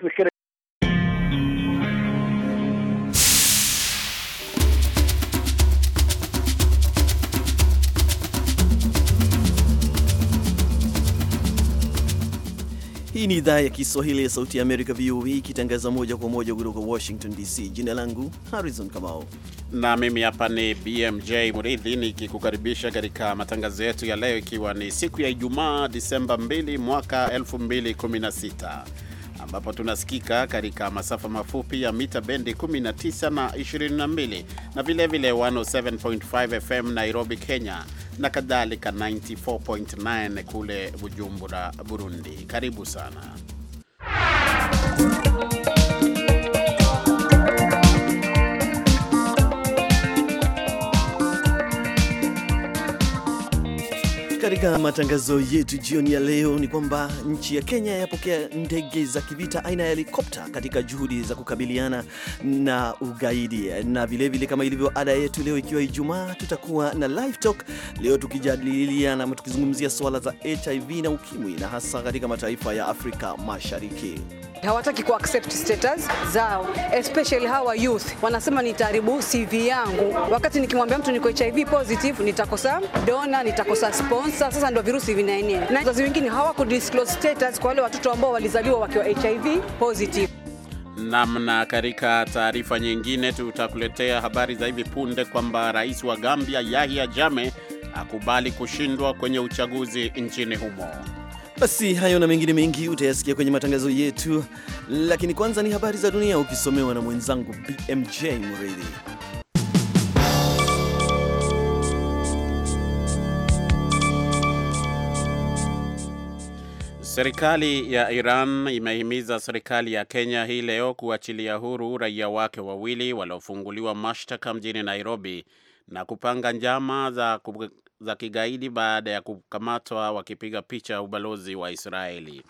Hii ni idhaa ya Kiswahili ya Sauti ya Amerika, VOA, ikitangaza moja kwa moja kutoka Washington DC. Jina langu Harrison Kamau na mimi hapa ni BMJ Muridhi nikikukaribisha katika matangazo yetu ya leo, ikiwa ni siku ya Ijumaa, Disemba 2 mwaka 2016 ambapo tunasikika katika masafa mafupi ya mita bendi 19 na 22 na vilevile 107.5 FM Nairobi, Kenya na kadhalika 94.9 kule Bujumbura, Burundi. Karibu sana Katika matangazo yetu jioni ya leo ni kwamba nchi ya Kenya yapokea ndege za kivita aina ya helikopta katika juhudi za kukabiliana na ugaidi, na vilevile kama ilivyo ada yetu, leo ikiwa Ijumaa, tutakuwa na live talk leo tukijadiliana ama tukizungumzia swala za HIV na ukimwi, na hasa katika mataifa ya Afrika Mashariki hawataki ku accept status zao, especially hawa youth. Wanasema nitaharibu CV yangu, wakati nikimwambia mtu niko HIV positive nitakosa donor nitakosa sponsor. Sasa ndio virusi vinaenea, na wazazi wengine hawaku disclose status kwa wale watoto ambao walizaliwa wakiwa HIV positive. Namna. Katika taarifa nyingine, tutakuletea habari za hivi punde kwamba rais wa Gambia Yahya Jammeh akubali kushindwa kwenye uchaguzi nchini humo. Basi hayo na mengine mengi utayasikia kwenye matangazo yetu, lakini kwanza ni habari za dunia ukisomewa na mwenzangu BMJ Mridhi. Serikali ya Iran imehimiza serikali ya Kenya hii leo kuachilia huru raia wake wawili waliofunguliwa mashtaka mjini Nairobi na kupanga njama za za kigaidi baada ya kukamatwa wakipiga picha ubalozi wa Israeli.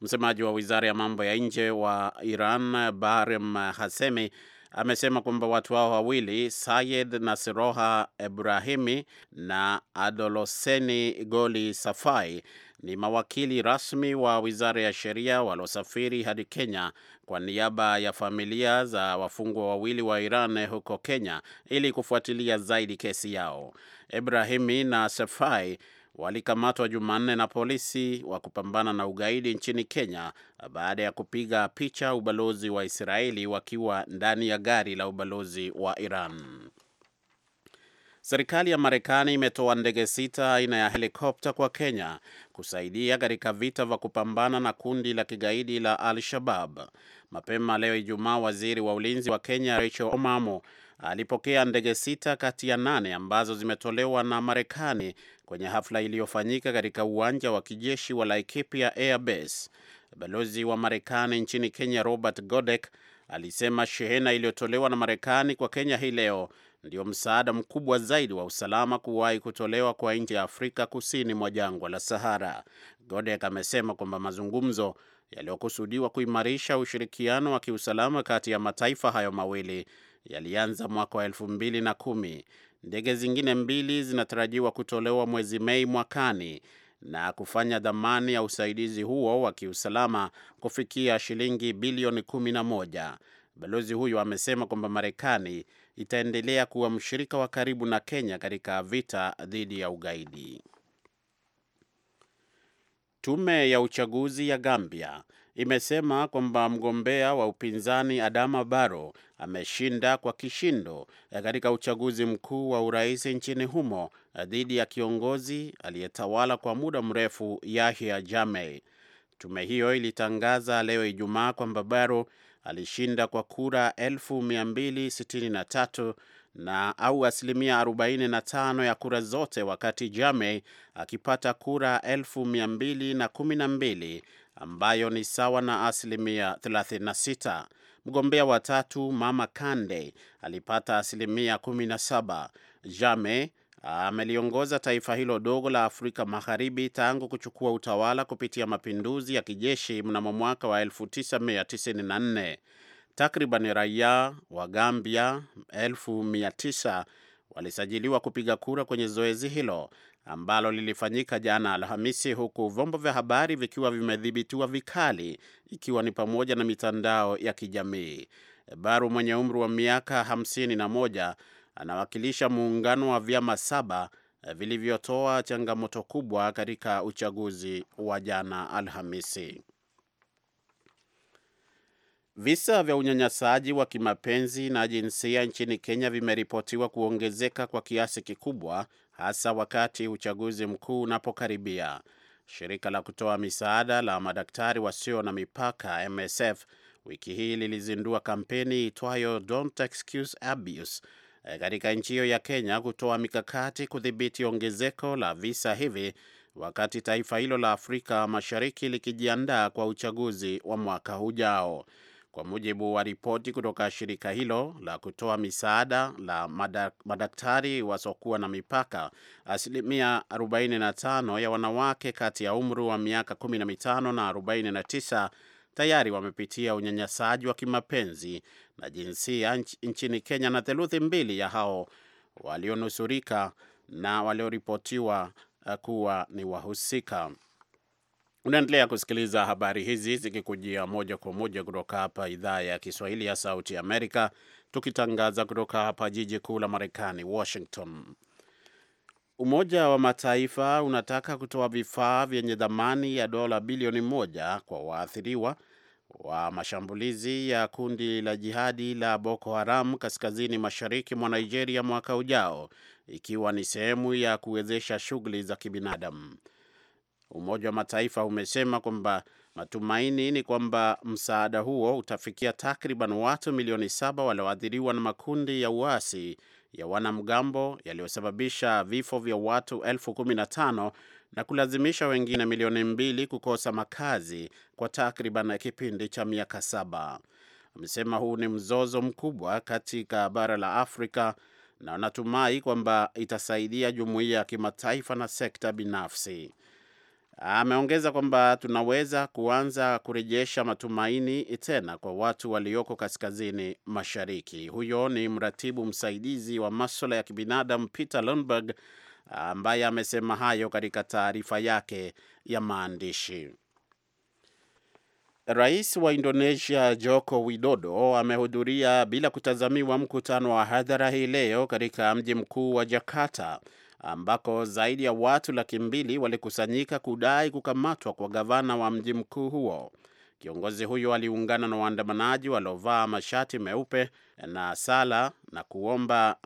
Msemaji wa wizara ya mambo ya nje wa Iran Bahrem Hasemi amesema kwamba watu hao wawili Sayed Nasiroha Ibrahimi na Adoloseni Goli Safai ni mawakili rasmi wa wizara ya sheria waliosafiri hadi Kenya kwa niaba ya familia za wafungwa wawili wa Iran huko Kenya ili kufuatilia zaidi kesi yao. Ibrahimi na Safai walikamatwa Jumanne na polisi wa kupambana na ugaidi nchini Kenya baada ya kupiga picha ubalozi wa Israeli wakiwa ndani ya gari la ubalozi wa Iran. Serikali ya Marekani imetoa ndege sita aina ya helikopta kwa Kenya kusaidia katika vita vya kupambana na kundi la kigaidi la Al Shabab. Mapema leo Ijumaa, waziri wa ulinzi wa Kenya Rachel Omamo alipokea ndege sita kati ya nane ambazo zimetolewa na Marekani kwenye hafla iliyofanyika katika uwanja wa kijeshi wa Laikipia Air Base. Balozi wa Marekani nchini Kenya Robert Godek alisema shehena iliyotolewa na Marekani kwa Kenya hii leo ndio msaada mkubwa zaidi wa usalama kuwahi kutolewa kwa nchi ya Afrika kusini mwa jangwa la Sahara. Godek amesema kwamba mazungumzo yaliyokusudiwa kuimarisha ushirikiano wa kiusalama kati ya mataifa hayo mawili yalianza mwaka wa elfu mbili na kumi. Ndege zingine mbili zinatarajiwa kutolewa mwezi Mei mwakani na kufanya dhamani ya usaidizi huo wa kiusalama kufikia shilingi bilioni kumi na moja. Balozi huyo amesema kwamba Marekani itaendelea kuwa mshirika wa karibu na Kenya katika vita dhidi ya ugaidi. Tume ya uchaguzi ya Gambia imesema kwamba mgombea wa upinzani Adama Baro ameshinda kwa kishindo eh, katika uchaguzi mkuu wa urais nchini humo eh, dhidi ya kiongozi aliyetawala kwa muda mrefu Yahya Jammeh. Tume hiyo ilitangaza leo Ijumaa kwamba Baro alishinda kwa kura 1263 na au asilimia 45 ya kura zote, wakati Jammeh akipata kura 1212 ambayo ni sawa na asilimia 36. Mgombea wa tatu Mama Kande alipata asilimia 17. Jame ameliongoza taifa hilo dogo la Afrika Magharibi tangu kuchukua utawala kupitia mapinduzi ya kijeshi mnamo mwaka wa 1994. Takriban raia wa Gambia 1900 walisajiliwa kupiga kura kwenye zoezi hilo ambalo lilifanyika jana Alhamisi, huku vyombo vya habari vikiwa vimedhibitiwa vikali, ikiwa ni pamoja na mitandao ya kijamii. Baru mwenye umri wa miaka 51 na moja anawakilisha muungano wa vyama saba eh, vilivyotoa changamoto kubwa katika uchaguzi wa jana Alhamisi. Visa vya unyanyasaji wa kimapenzi na jinsia nchini Kenya vimeripotiwa kuongezeka kwa kiasi kikubwa hasa wakati uchaguzi mkuu unapokaribia. Shirika la kutoa misaada la madaktari wasio na mipaka MSF wiki hii lilizindua kampeni itwayo Don't Excuse Abuse e, katika nchi hiyo ya Kenya kutoa mikakati kudhibiti ongezeko la visa hivi wakati taifa hilo la Afrika Mashariki likijiandaa kwa uchaguzi wa mwaka ujao kwa mujibu wa ripoti kutoka shirika hilo la kutoa misaada la madak, madaktari wasiokuwa na mipaka, asilimia 45 ya wanawake kati ya umri wa miaka 15 na 49 tayari wamepitia unyanyasaji wa kimapenzi na jinsia nchini Kenya, na theluthi mbili ya hao walionusurika na walioripotiwa eh, kuwa ni wahusika. Unaendelea kusikiliza habari hizi zikikujia moja kwa moja kutoka hapa idhaa ya Kiswahili ya Sauti Amerika, tukitangaza kutoka hapa jiji kuu la Marekani, Washington. Umoja wa Mataifa unataka kutoa vifaa vyenye dhamani ya dola bilioni moja kwa waathiriwa wa mashambulizi ya kundi la jihadi la Boko Haram kaskazini mashariki mwa Nigeria mwaka ujao, ikiwa ni sehemu ya kuwezesha shughuli za kibinadamu. Umoja wa Mataifa umesema kwamba matumaini ni kwamba msaada huo utafikia takriban watu milioni saba walioathiriwa na makundi ya uasi ya wanamgambo yaliyosababisha vifo vya watu elfu kumi na tano na kulazimisha wengine milioni mbili kukosa makazi kwa takriban kipindi cha miaka saba. Amesema huu ni mzozo mkubwa katika bara la Afrika na wanatumai kwamba itasaidia jumuiya ya kimataifa na sekta binafsi. Ameongeza kwamba tunaweza kuanza kurejesha matumaini tena kwa watu walioko kaskazini mashariki. Huyo ni mratibu msaidizi wa maswala ya kibinadamu Peter Lundberg ambaye amesema hayo katika taarifa yake ya maandishi. Rais wa Indonesia Joko Widodo amehudhuria bila kutazamiwa mkutano wa hadhara hii leo katika mji mkuu wa Jakarta ambako zaidi ya watu laki mbili walikusanyika kudai kukamatwa kwa gavana wa mji mkuu huo. Kiongozi huyo aliungana na waandamanaji waliovaa mashati meupe na sala na kuomba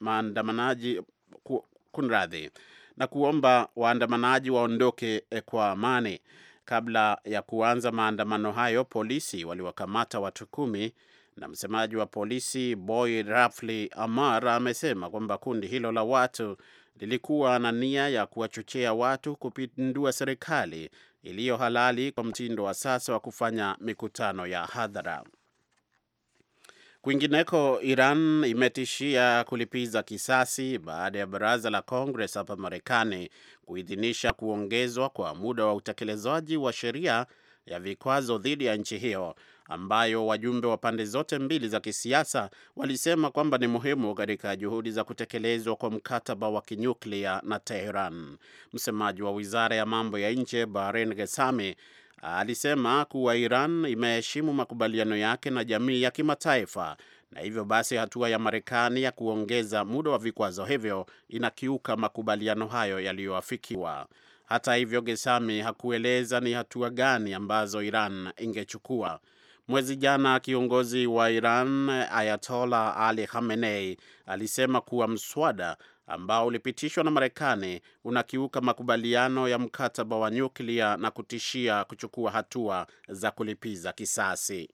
maandamanaji ku, kunradhi na kuomba waandamanaji waondoke kwa amani. Kabla ya kuanza maandamano hayo, polisi waliwakamata watu kumi na msemaji wa polisi Boy Rafli Amar amesema kwamba kundi hilo la watu lilikuwa na nia ya kuwachochea watu kupindua serikali iliyo halali kwa mtindo wa sasa wa kufanya mikutano ya hadhara. Kwingineko, Iran imetishia kulipiza kisasi baada ya baraza la Congress hapa Marekani kuidhinisha kuongezwa kwa muda wa utekelezaji wa sheria ya vikwazo dhidi ya nchi hiyo ambayo wajumbe wa pande zote mbili za kisiasa walisema kwamba ni muhimu katika juhudi za kutekelezwa kwa mkataba wa kinyuklia na Teheran. Msemaji wa wizara ya mambo ya nje Bahrain Gesami alisema kuwa Iran imeheshimu makubaliano yake na jamii ya kimataifa na hivyo basi hatua ya Marekani ya kuongeza muda wa vikwazo hivyo inakiuka makubaliano hayo yaliyoafikiwa. Hata hivyo, Gesami hakueleza ni hatua gani ambazo Iran ingechukua. Mwezi jana kiongozi wa Iran Ayatola Ali Khamenei alisema kuwa mswada ambao ulipitishwa na Marekani unakiuka makubaliano ya mkataba wa nyuklia na kutishia kuchukua hatua za kulipiza kisasi.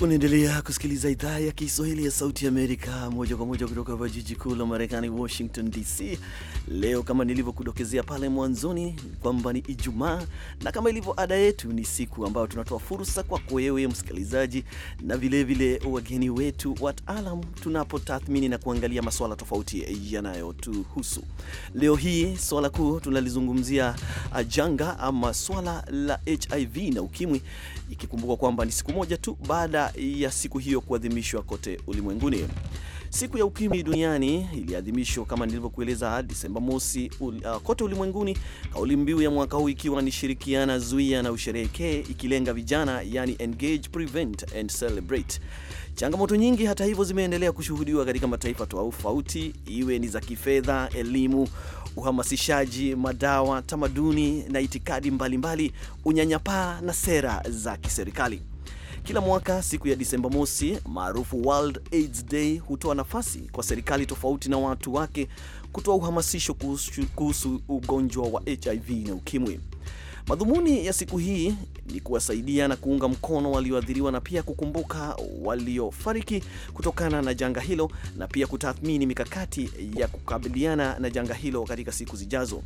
Unaendelea kusikiliza idhaa ya Kiswahili ya Sauti ya Amerika moja kwa moja kutoka hapa jiji kuu la Marekani, Washington DC. Leo kama nilivyokudokezea pale mwanzoni kwamba ni Ijumaa, na kama ilivyo ada yetu, ni siku ambayo tunatoa fursa kwako wewe msikilizaji, na vilevile vile wageni wetu wataalam, tunapotathmini na kuangalia masuala tofauti yanayotuhusu. Leo hii swala kuu tunalizungumzia janga ama swala la HIV na UKIMWI, ikikumbuka kwamba ni siku moja tu baada ya siku hiyo kuadhimishwa kote ulimwenguni. Siku ya ukimwi duniani iliadhimishwa kama nilivyokueleza Desemba mosi uh, kote ulimwenguni, kauli mbiu ya mwaka huu ikiwa ni shirikiana, zuia na usherehekee, ikilenga vijana, yani engage, prevent and celebrate. Changamoto nyingi hata hivyo zimeendelea kushuhudiwa katika mataifa tofauti, iwe ni za kifedha, elimu, uhamasishaji, madawa, tamaduni na itikadi mbalimbali, unyanyapaa na sera za kiserikali. Kila mwaka siku ya Disemba mosi maarufu World AIDS Day hutoa nafasi kwa serikali tofauti na watu wake kutoa uhamasisho kuhusu, kuhusu ugonjwa wa HIV na ukimwi. Madhumuni ya siku hii ni kuwasaidia na kuunga mkono walioathiriwa na pia kukumbuka waliofariki kutokana na janga hilo na pia kutathmini mikakati ya kukabiliana na janga hilo katika siku zijazo.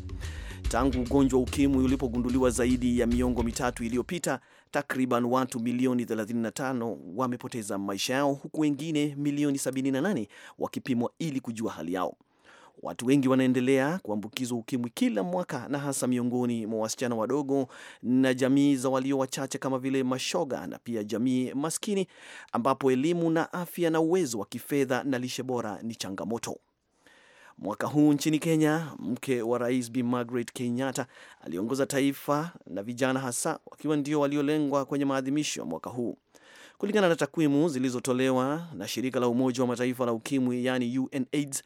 Tangu ugonjwa wa ukimwi ulipogunduliwa zaidi ya miongo mitatu iliyopita, Takriban watu milioni 35 wamepoteza maisha yao huku wengine milioni 78 wakipimwa ili kujua hali yao. Watu wengi wanaendelea kuambukizwa ukimwi kila mwaka na hasa miongoni mwa wasichana wadogo na jamii za walio wachache kama vile mashoga na pia jamii maskini ambapo elimu na afya na uwezo wa kifedha na lishe bora ni changamoto. Mwaka huu nchini Kenya, mke wa rais Bi Margaret Kenyatta aliongoza taifa na vijana hasa wakiwa ndio waliolengwa kwenye maadhimisho ya mwaka huu, kulingana na takwimu zilizotolewa na shirika la Umoja wa Mataifa la Ukimwi, yani UNAIDS.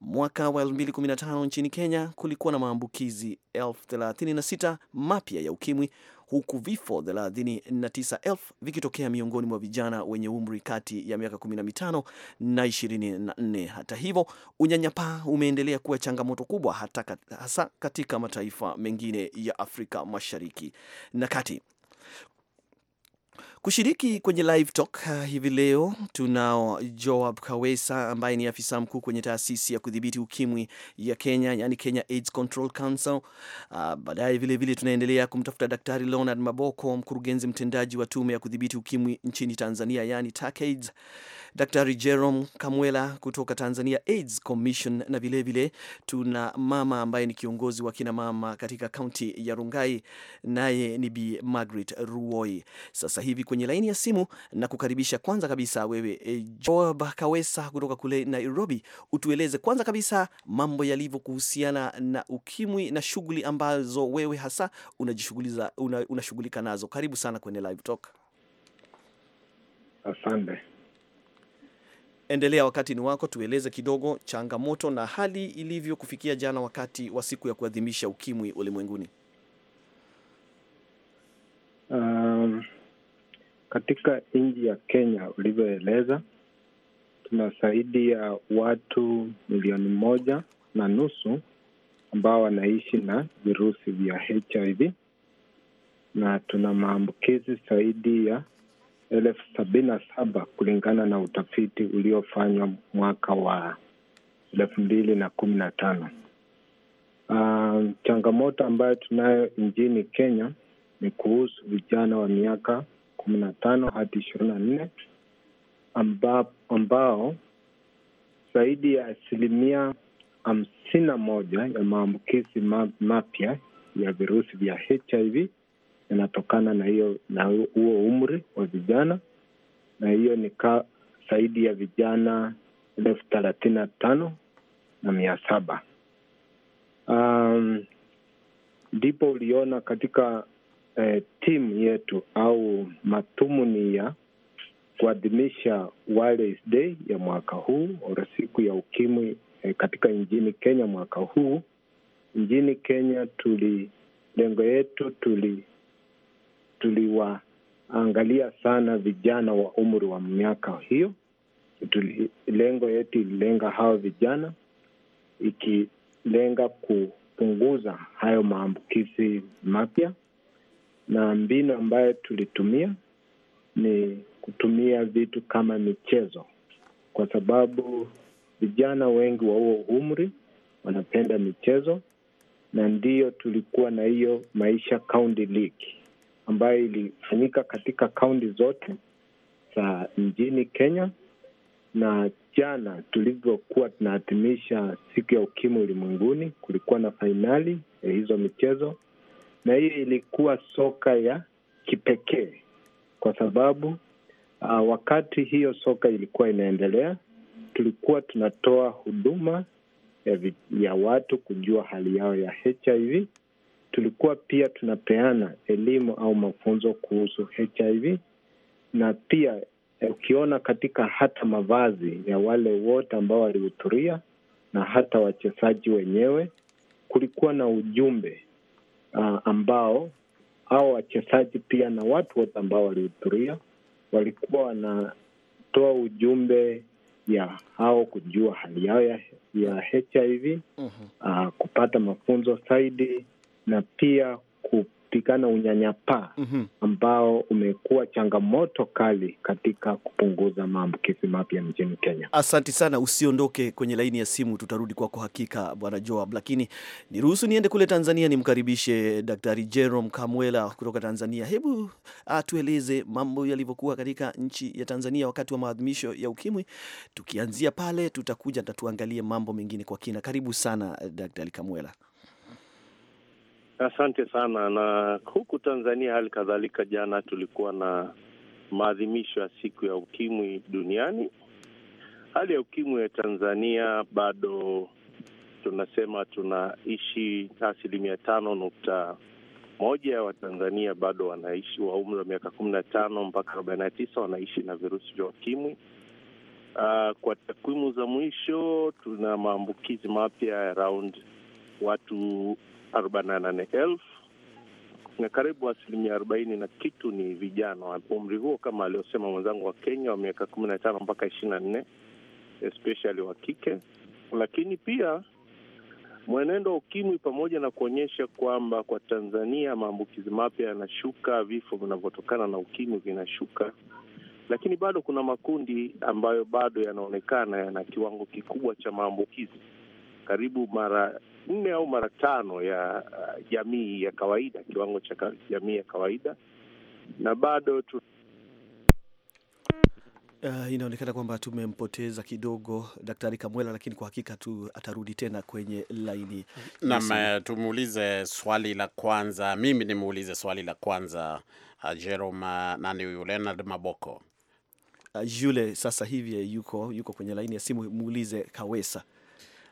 Mwaka wa 2015 nchini Kenya kulikuwa na maambukizi 36 mapya ya ukimwi huku vifo 39,000 vikitokea miongoni mwa vijana wenye umri kati ya miaka 15 na 24. Hata hivyo, unyanyapaa umeendelea kuwa changamoto kubwa hata hasa katika mataifa mengine ya Afrika Mashariki na Kati kushiriki kwenye live talk ah, hivi leo. Tunao Joab Kawesa ambaye ni afisa mkuu kwenye taasisi ya kudhibiti ukimwi ya Kenya, yani Kenya AIDS Control Council. Uh, baadaye vilevile tunaendelea kumtafuta Daktari Leonard Maboko, mkurugenzi mtendaji wa tume ya kudhibiti ukimwi nchini Tanzania, yani TACAIDS. Daktari Jerome Kamwela kutoka Tanzania AIDS Commission, na vilevile tuna mama ambaye ni kiongozi wa kina mama katika kaunti ya Rungai, naye ni Bi Margaret Ruoi. Sasa hivi kwenye laini ya simu na kukaribisha kwanza kabisa wewe eh, Job Kawesa kutoka kule Nairobi, utueleze kwanza kabisa mambo yalivyo kuhusiana na ukimwi na shughuli ambazo wewe hasa unashughulika una nazo. Karibu sana kwenye Live Talk. Asante. Endelea, wakati ni wako. Tueleze kidogo changamoto na hali ilivyo kufikia jana, wakati wa siku ya kuadhimisha ukimwi ulimwenguni. Um, katika nchi ya Kenya ulivyoeleza, tuna zaidi ya watu milioni moja na nusu ambao wanaishi na virusi vya HIV na tuna maambukizi zaidi ya elfu sabini na saba kulingana na utafiti uliofanywa mwaka wa elfu mbili na kumi na tano. Uh, changamoto ambayo tunayo nchini Kenya ni kuhusu vijana wa miaka kumi na tano hadi ishirini na nne ambao zaidi ya asilimia hamsini na moja ya maambukizi mapya ya virusi vya HIV yanatokana na hiyo na huo umri wa vijana, na hiyo ni ka zaidi ya vijana elfu thelathini na tano na mia saba um, ndipo um, uliona katika eh, timu yetu au mathumuni ya kuadhimisha Day ya mwaka huu ora siku ya ukimwi eh, katika nchini Kenya mwaka huu nchini Kenya tuli lengo yetu tuli tuliwaangalia sana vijana wa umri wa miaka hiyo. Tuli, lengo yetu ililenga hao vijana ikilenga kupunguza hayo maambukizi mapya, na mbinu ambayo tulitumia ni kutumia vitu kama michezo, kwa sababu vijana wengi wa huo umri wanapenda michezo, na ndiyo tulikuwa na hiyo Maisha County League ambayo ilifanyika katika kaunti zote za nchini Kenya, na jana tulivyokuwa tunahatimisha siku ya ukimwi ulimwenguni, kulikuwa na fainali ya hizo michezo, na hiyo ilikuwa soka ya kipekee kwa sababu uh, wakati hiyo soka ilikuwa inaendelea, tulikuwa tunatoa huduma ya, vi, ya watu kujua hali yao ya HIV tulikuwa pia tunapeana elimu au mafunzo kuhusu HIV na pia eh, ukiona katika hata mavazi ya wale wote ambao walihudhuria na hata wachezaji wenyewe, kulikuwa na ujumbe uh, ambao au wachezaji pia na watu wote ambao walihudhuria walikuwa wanatoa ujumbe ya hao kujua hali yao ya, ya HIV uh-huh. Mhm. Ah, uh, kupata mafunzo zaidi na pia kupigana unyanyapaa mm -hmm. ambao umekuwa changamoto kali katika kupunguza maambukizi mapya nchini Kenya. Asanti sana, usiondoke kwenye laini ya simu, tutarudi kwako hakika, Bwana Joab, lakini niruhusu niende kule Tanzania nimkaribishe Daktari Jerome Kamwela kutoka Tanzania. Hebu atueleze ah, mambo yalivyokuwa katika nchi ya Tanzania wakati wa maadhimisho ya Ukimwi. Tukianzia pale, tutakuja na tuangalie mambo mengine kwa kina. Karibu sana Daktari Kamwela. Asante sana. Na huku Tanzania hali kadhalika, jana tulikuwa na maadhimisho ya siku ya ukimwi duniani. Hali ya ukimwi ya Tanzania bado tunasema tunaishi asilimia tano nukta moja ya Watanzania bado wanaishi wa umri wa miaka kumi na tano mpaka arobaini na tisa wanaishi na virusi vya ukimwi. Uh, kwa takwimu za mwisho tuna maambukizi mapya ya raund watu arobaini na nane elfu na karibu asilimia arobaini na kitu ni vijana wa umri huo, kama aliosema mwenzangu wa Kenya, wa miaka kumi na tano mpaka ishirini na nne especially wa kike. Lakini pia mwenendo wa ukimwi, pamoja na kuonyesha kwamba kwa Tanzania maambukizi mapya yanashuka, vifo vinavyotokana na ukimwi vinashuka, lakini bado kuna makundi ambayo bado yanaonekana yana kiwango kikubwa cha maambukizi, karibu mara nne au mara tano ya uh, jamii ya kawaida, kiwango cha jamii ya kawaida, na bado tu Uh, inaonekana kwamba tumempoteza kidogo Daktari Kamwela, lakini kwa hakika tu atarudi tena kwenye laini. Naam, uh, tumuulize swali la kwanza, mimi nimuulize swali la kwanza uh, Jerome uh, nani huyu Leonard Maboko uh, sasa hivi yuko yuko kwenye laini ya simu, muulize Kawesa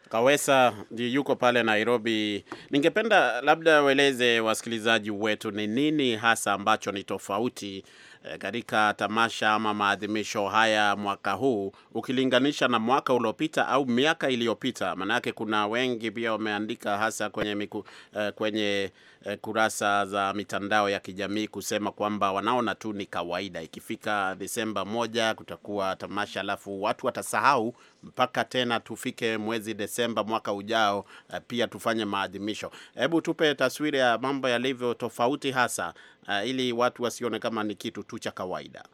Kawesa yuko pale Nairobi. Ningependa labda ueleze wasikilizaji wetu ni nini hasa ambacho ni tofauti eh, katika tamasha ama maadhimisho haya mwaka huu ukilinganisha na mwaka uliopita au miaka iliyopita. Maanake kuna wengi pia wameandika hasa kwenye miku, eh, kwenye eh, kurasa za mitandao ya kijamii kusema kwamba wanaona tu ni kawaida, ikifika Desemba moja kutakuwa tamasha, alafu watu watasahau mpaka tena tufike mwezi Desemba mwaka ujao, eh, pia tufanye maadhimisho. Hebu tupe taswira ya mambo yalivyo tofauti hasa, uh, ili watu wasione kama ni kitu tu cha kawaida.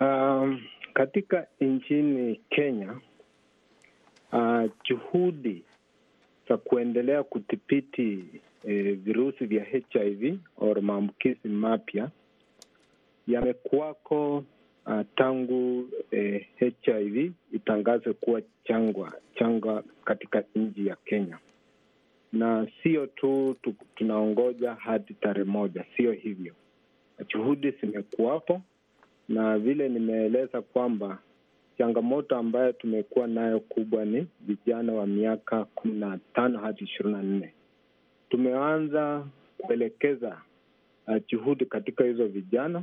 Um, katika nchini Kenya uh, juhudi za kuendelea kudhibiti eh, virusi vya HIV au maambukizi mapya yamekuwako uh, tangu eh, HIV itangaze kuwa changwa changwa katika nchi ya Kenya, na sio tu tunaongoja hadi tarehe moja, sio hivyo. Juhudi zimekuwapo na vile nimeeleza kwamba changamoto ambayo tumekuwa nayo kubwa ni vijana wa miaka kumi na tano hadi ishirini na nne. Tumeanza kuelekeza ah, juhudi katika hizo vijana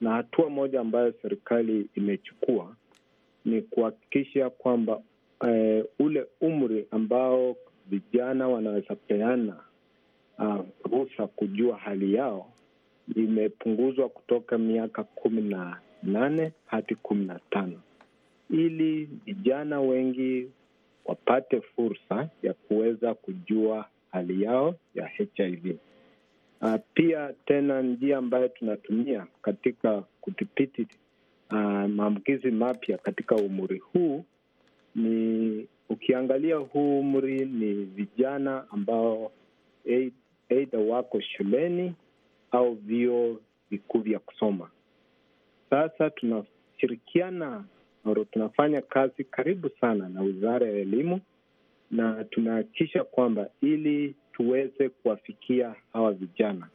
na hatua moja ambayo serikali imechukua ni kuhakikisha kwamba eh, ule umri ambao vijana wanaweza peana ah, ruhusa kujua hali yao imepunguzwa kutoka miaka kumi na nane hadi kumi na tano ili vijana wengi wapate fursa ya kuweza kujua hali yao ya HIV. Uh, pia tena njia ambayo tunatumia katika kudhibiti uh, maambukizi mapya katika umri huu ni ukiangalia huu umri ni vijana ambao eidha wako shuleni au vio vikuu vya kusoma. Sasa tunashirikiana au tunafanya kazi karibu sana na Wizara ya Elimu na tunahakikisha kwamba ili tuweze kuwafikia hawa vijana.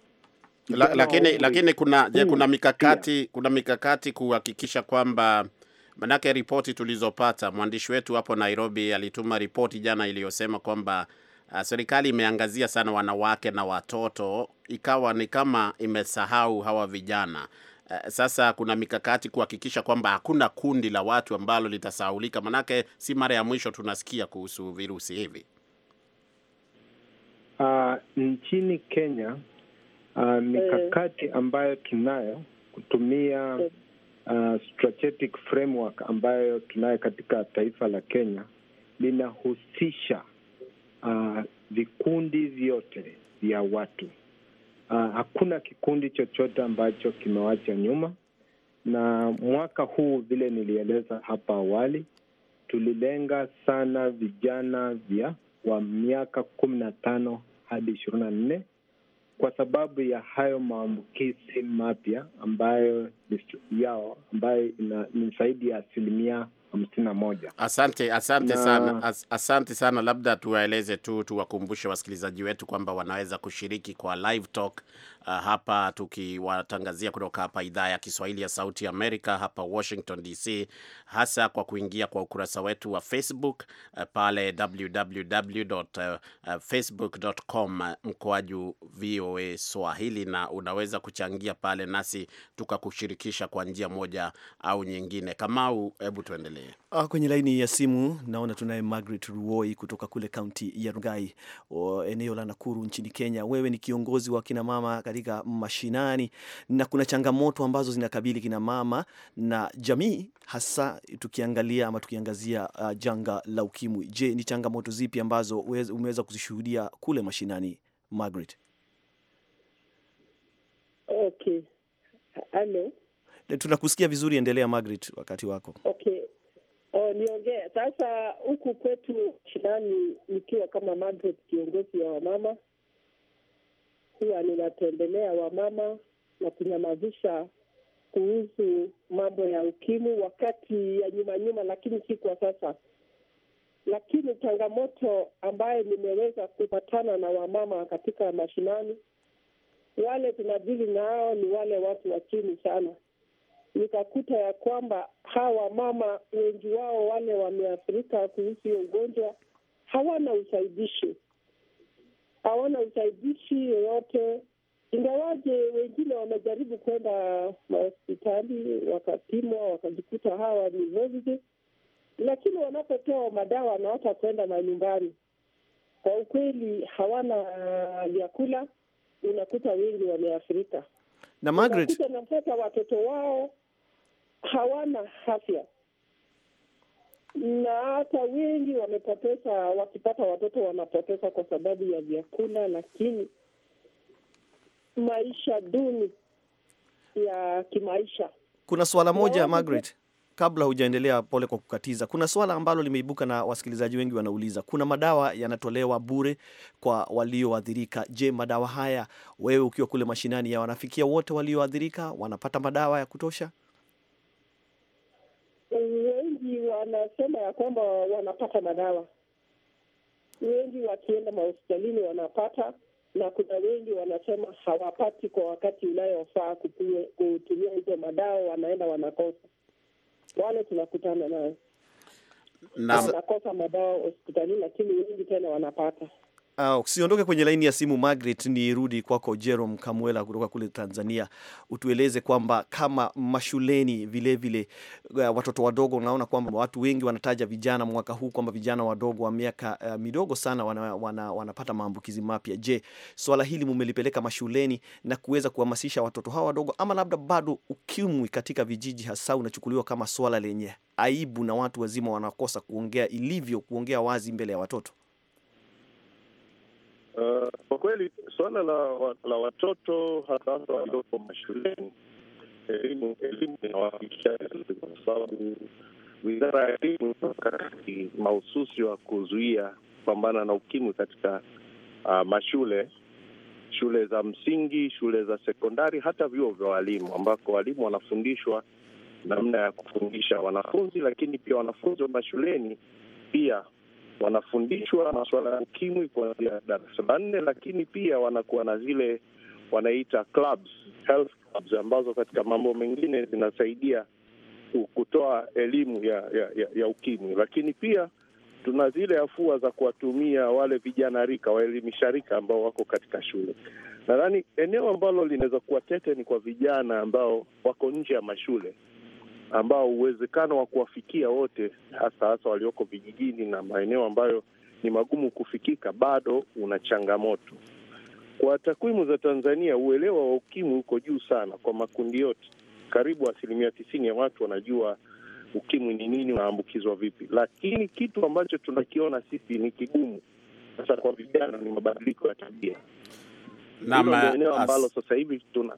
La, lakini lakini kuna je, kuna hmm, mikakati Kuna mikakati kuhakikisha kwamba manake ripoti tulizopata, mwandishi wetu hapo Nairobi alituma ripoti jana iliyosema kwamba uh, serikali imeangazia sana wanawake na watoto, ikawa ni kama imesahau hawa vijana. Uh, sasa kuna mikakati kuhakikisha kwamba hakuna kundi la watu ambalo litasahulika manake si mara ya mwisho tunasikia kuhusu virusi hivi. Uh, nchini Kenya uh, mikakati eh. ambayo tunayo kutumia uh, strategic framework ambayo tunayo katika taifa la Kenya linahusisha uh, vikundi vyote vya watu uh, hakuna kikundi chochote ambacho kimewacha nyuma, na mwaka huu vile nilieleza hapa awali, tulilenga sana vijana vya wa miaka kumi na tano hadi ishirini na nne kwa sababu ya hayo maambukizi mapya ambayo yao ambayo ina, ni zaidi ya asilimia hamsini na moja. Asante, asante na... sana as, asante sana. Labda tuwaeleze tu, tuwakumbushe wasikilizaji wetu kwamba wanaweza kushiriki kwa live talk uh, hapa tukiwatangazia kutoka hapa idhaa ya Kiswahili ya Sauti Amerika hapa Washington DC, hasa kwa kuingia kwa ukurasa wetu wa Facebook uh, pale www.facebook.com eh, eh, mkoaju VOA Swahili, na unaweza kuchangia pale nasi tukakushirikisha kwa njia moja au nyingine. Kamau, hebu tuendelee nane. Ah, kwenye laini ya simu naona tunaye Margaret Ruoi kutoka kule kaunti ya rugai eneo la Nakuru nchini Kenya. Wewe ni kiongozi wa kinamama katika mashinani, na kuna changamoto ambazo zinakabili kinamama na jamii, hasa tukiangalia ama tukiangazia uh, janga la ukimwi. Je, ni changamoto zipi ambazo umeweza kuzishuhudia kule mashinani, Margaret? Okay. Tunakusikia vizuri, endelea Margaret, wakati wako. Okay. Uh, niongee sasa. Huku kwetu shinani, nikiwa kama Madrid, kiongozi wa wamama, huwa ninatembelea wamama na kunyamazisha kuhusu mambo ya ukimwi wakati ya nyuma nyuma, lakini si kwa sasa. Lakini changamoto ambayo nimeweza kupatana na wamama katika mashinani, wale tunadili nao ni wale watu wa chini sana nikakuta ya kwamba hawa mama wengi wao wale wameathirika kuhusu hiyo ugonjwa hawana usaidishi, hawana usaidishi yoyote, ingawaje wengine wamejaribu kwenda mahospitali wakapimwa, wakajikuta hawa ni VVU, lakini wanapopewa madawa na hata kwenda manyumbani, kwa ukweli hawana uh, vyakula, unakuta wengi wameathirika na Margaret, napata watoto wao hawana afya na hata wengi wamepoteza, wakipata watoto wanapoteza kwa sababu ya vyakula, lakini maisha duni ya kimaisha. Kuna swala moja Margaret, kabla hujaendelea, pole kwa kukatiza, kuna swala ambalo limeibuka na wasikilizaji wengi wanauliza, kuna madawa yanatolewa bure kwa walioathirika. Je, madawa haya wewe ukiwa kule mashinani, ya wanafikia wote walioathirika? Wanapata madawa ya kutosha? Wengi wanasema ya kwamba wanapata madawa, wengi wakienda mahospitalini wanapata na kuna wengi wanasema hawapati kwa wakati unayofaa kutumia hizo madawa, wanaenda wanakosa wale tunakutana nayo wanakosa madawa hospitalini, lakini wengi tena wanapata Uh, usiondoke kwenye laini ya simu Margaret, rudi kwako Jerome Kamwela kutoka kule Tanzania, utueleze kwamba kama mashuleni vilevile vile, uh, watoto wadogo, unaona kwamba watu wengi wanataja vijana mwaka huu kwamba vijana wadogo wa miaka uh, midogo sana wana, wana, wanapata maambukizi mapya. Je, swala hili mumelipeleka mashuleni na kuweza kuhamasisha watoto hawa wadogo, ama labda bado ukimwi katika vijiji hasa unachukuliwa kama swala lenye aibu na watu wazima wanakosa kuongea ilivyo, kuongea wazi mbele ya watoto? Uh, kwa kweli suala la, la watoto hasa hasa walioko mashuleni, elimu elimu inawafikia kwa sababu wizara ya elimu mkakati mahususi wa kuzuia kupambana na ukimwi katika uh, mashule shule za msingi, shule za sekondari, hata vyuo vya walimu ambako walimu wanafundishwa namna ya kufundisha wanafunzi, lakini pia wanafunzi wa mashuleni pia wanafundishwa masuala ya ukimwi kuanzia darasa la nne, lakini pia wanakuwa na zile wanaita clubs, health clubs ambazo katika mambo mengine zinasaidia kutoa elimu ya, ya, ya, ya ukimwi, lakini pia tuna zile afua za kuwatumia wale vijana rika waelimisha rika ambao wako katika shule. Nadhani eneo ambalo linaweza kuwa tete ni kwa vijana ambao wako nje ya mashule, ambao uwezekano wa kuwafikia wote, hasa hasa walioko vijijini na maeneo ambayo ni magumu kufikika, bado una changamoto. Kwa takwimu za Tanzania, uelewa wa ukimwi uko juu sana kwa makundi yote. Karibu asilimia tisini ya watu wanajua ukimwi ni nini, unaambukizwa vipi, lakini kitu ambacho tunakiona sisi ni kigumu sasa kwa vijana ni mabadiliko ya tabia. Hilo eneo ambalo sasa hivi tuna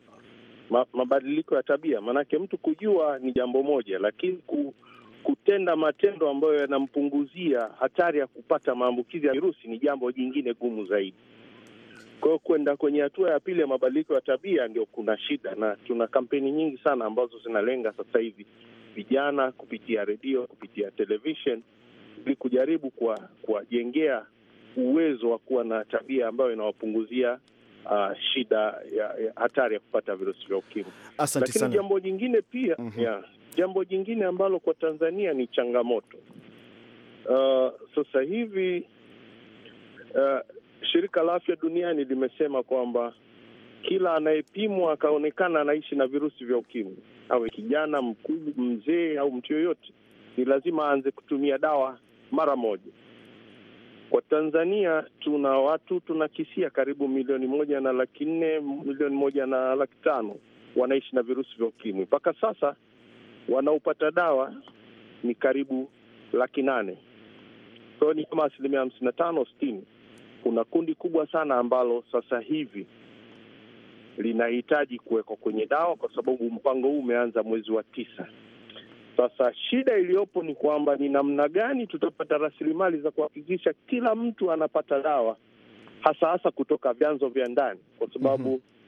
ma, mabadiliko ya tabia. Maanake mtu kujua ni jambo moja, lakini ku, kutenda matendo ambayo yanampunguzia hatari ya kupata maambukizi ya virusi ni jambo jingine gumu zaidi. Kwa hiyo kwenda kwenye hatua ya pili ya mabadiliko ya tabia ndio kuna shida, na tuna kampeni nyingi sana ambazo zinalenga sasa hivi vijana kupitia redio, kupitia television, ili kujaribu kuwajengea uwezo wa kuwa na tabia ambayo inawapunguzia uh, shida ya, ya hatari ya kupata virusi vya ukimwi. Asante sana. Lakini jambo jingine pia mm -hmm. ya, jambo jingine ambalo kwa Tanzania ni changamoto uh, sasa hivi uh, shirika la afya duniani limesema kwamba kila anayepimwa akaonekana anaishi na virusi vya ukimwi, awe kijana mkubwa, mzee au mtu yoyote, ni lazima aanze kutumia dawa mara moja. Watanzania tuna watu tunakisia karibu milioni moja na laki nne milioni moja na laki tano wanaishi na virusi vya ukimwi. Mpaka sasa wanaopata dawa ni karibu laki nane so ni kama asilimia hamsini na tano sitini. Kuna kundi kubwa sana ambalo sasa hivi linahitaji kuwekwa kwenye dawa, kwa sababu mpango huu umeanza mwezi wa tisa. Sasa shida iliyopo ni kwamba ni namna gani tutapata rasilimali za kuhakikisha kila mtu anapata dawa hasa hasa kutoka vyanzo vya ndani, kwa sababu mm -hmm.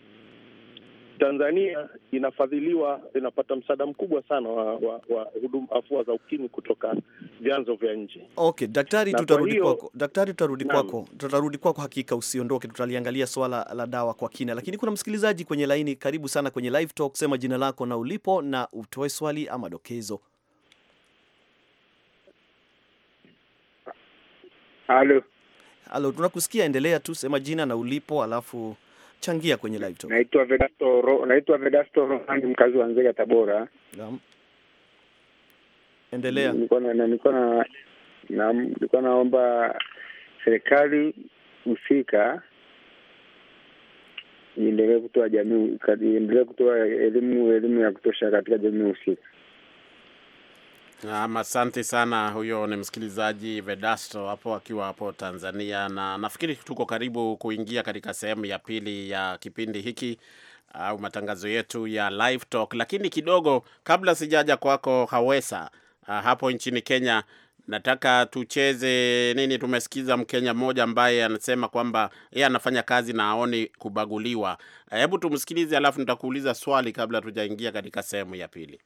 Tanzania inafadhiliwa, inapata msaada mkubwa sana wa, wa, wa huduma afua za ukimwi kutoka vyanzo vya nje. Okay, daktari, tutarudi kwako. Daktari, tutarudi kwako, tutarudi kwako. Hakika usiondoke, tutaliangalia swala la dawa kwa kina, lakini kuna msikilizaji kwenye laini. Karibu sana kwenye live talk, sema jina lako na ulipo na utoe swali ama dokezo. Halo, halo, tunakusikia. Endelea tu, sema jina na ulipo, alafu Changia kwenye live talk. Naitwa Vedasto Ro, naitwa Vedasto Rohani, mkazi wa Nzega, Tabora. Naam, endelea. Nilikuwa na nilikuwa na naam, nilikuwa naomba serikali husika iendelee kutoa jamii, iendelee kutoa elimu elimu ya kutosha katika jamii husika. Naam, asante sana. Huyo ni msikilizaji Vedasto hapo akiwa hapo Tanzania, na nafikiri tuko karibu kuingia katika sehemu ya pili ya kipindi hiki uh, au matangazo yetu ya Live Talk, lakini kidogo kabla sijaja kwako Hawesa uh, hapo nchini Kenya, nataka tucheze nini. Tumesikiza Mkenya mmoja ambaye anasema kwamba yeye anafanya kazi na aoni kubaguliwa. Hebu tumsikilize, alafu nitakuuliza swali kabla tujaingia katika sehemu ya pili.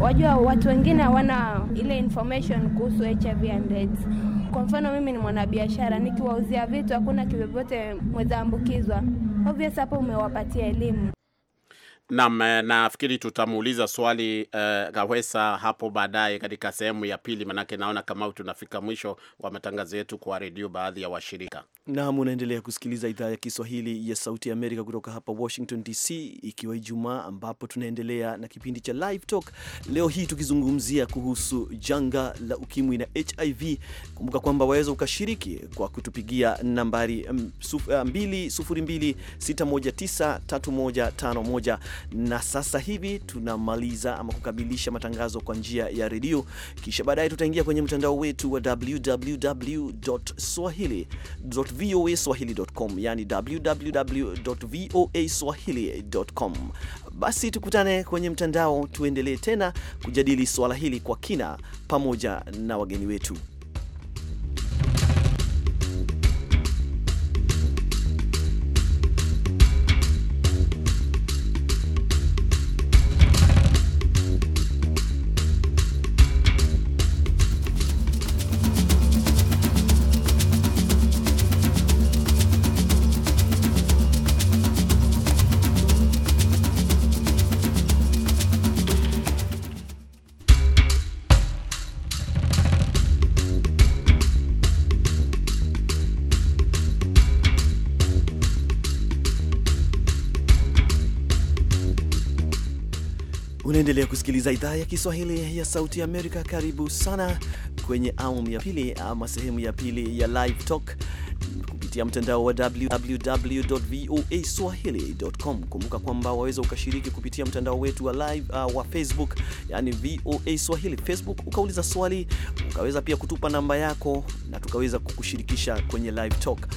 Wajua, watu wengine hawana ile information kuhusu HIV and AIDS. Kwa mfano mimi ni mwanabiashara, nikiwauzia vitu hakuna kivyovyote mwezaambukizwa, obvious hapo umewapatia elimu. Naam, eh, nafikiri tutamuuliza swali uh, eh, Gawesa hapo baadaye katika sehemu ya pili, manake naona kama tunafika mwisho wa matangazo yetu kwa redio baadhi ya washirika. Naam, unaendelea kusikiliza idhaa ya Kiswahili ya Sauti ya Amerika kutoka hapa Washington DC, ikiwa Ijumaa ambapo tunaendelea na kipindi cha Live Talk leo hii tukizungumzia kuhusu janga la ukimwi na HIV. Kumbuka kwamba waweza ukashiriki kwa kutupigia nambari 2026193151 mm, ah, na sasa hivi tunamaliza ama kukamilisha matangazo kwa njia ya redio, kisha baadaye tutaingia kwenye mtandao wetu wa www swahili voa yani www.voaswahili.com. Basi tukutane kwenye mtandao, tuendelee tena kujadili swala hili kwa kina pamoja na wageni wetu. Unaendelea kusikiliza idhaa ya Kiswahili ya Sauti ya Amerika. Karibu sana kwenye awamu ya pili ama sehemu ya pili ya Live Talk kupitia mtandao wa www voa swahili.com. Kumbuka kwamba waweza ukashiriki kupitia mtandao wetu wa live, uh, wa Facebook yani VOA Swahili Facebook, ukauliza swali, ukaweza pia kutupa namba yako na tukaweza kukushirikisha kwenye Live Talk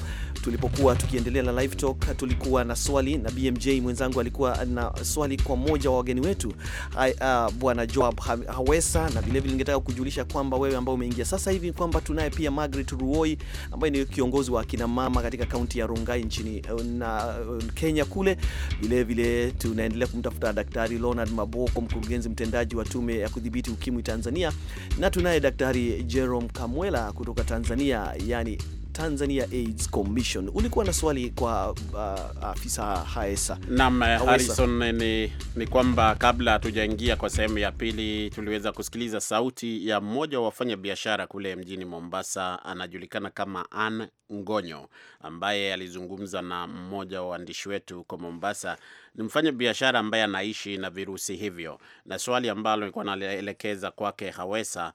tulipokuwa tukiendelea na live talk, tulikuwa na swali na BMJ mwenzangu alikuwa na swali kwa mmoja wa wageni wetu uh, bwana Joab Hawesa, na vilevile ningetaka kujulisha kwamba wewe ambao umeingia sasa hivi kwamba tunaye pia Margaret Ruoi ambaye ni kiongozi wa kina mama katika kaunti ya Rongai nchini eh, na eh, Kenya kule. Vilevile tunaendelea kumtafuta Daktari Leonard Maboko, mkurugenzi mtendaji wa tume ya kudhibiti ukimwi Tanzania, na tunaye Daktari Jerome Kamwela kutoka Tanzania yani Tanzania AIDS Commission. Ulikuwa na swali kwa uh, afisa Haesa. Naam, eh, Harrison, ni, ni kwamba kabla hatujaingia kwa sehemu ya pili, tuliweza kusikiliza sauti ya mmoja wa wafanya biashara kule mjini Mombasa, anajulikana kama Ann Ngonyo, ambaye alizungumza na mmoja wa waandishi wetu huko Mombasa. Ni mfanya biashara ambaye anaishi na virusi hivyo, na swali ambalo nilikuwa naelekeza kwake Hawesa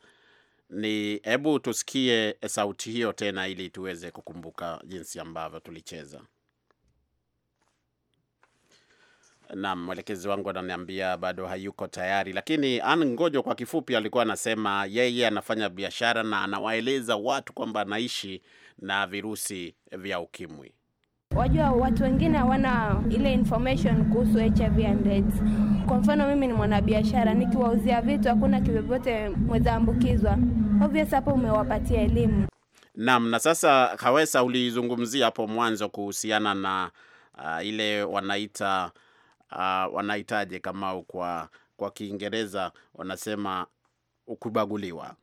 ni hebu tusikie sauti hiyo tena ili tuweze kukumbuka jinsi ambavyo tulicheza. nam mwelekezi wangu ananiambia bado hayuko tayari, lakini an Ngojo kwa kifupi alikuwa anasema yeye anafanya biashara na anawaeleza watu kwamba anaishi na virusi vya ukimwi. Wajua, watu wengine hawana ile information kuhusu HIV and AIDS kwa mfano mimi ni mwanabiashara, nikiwauzia vitu hakuna kivyovyote mwezaambukizwa, obvious hapo umewapatia elimu. Naam. Na sasa, Hawesa, ulizungumzia hapo mwanzo kuhusiana na uh, ile wanaita uh, wanaitaje kama kwa kwa Kiingereza wanasema ukubaguliwa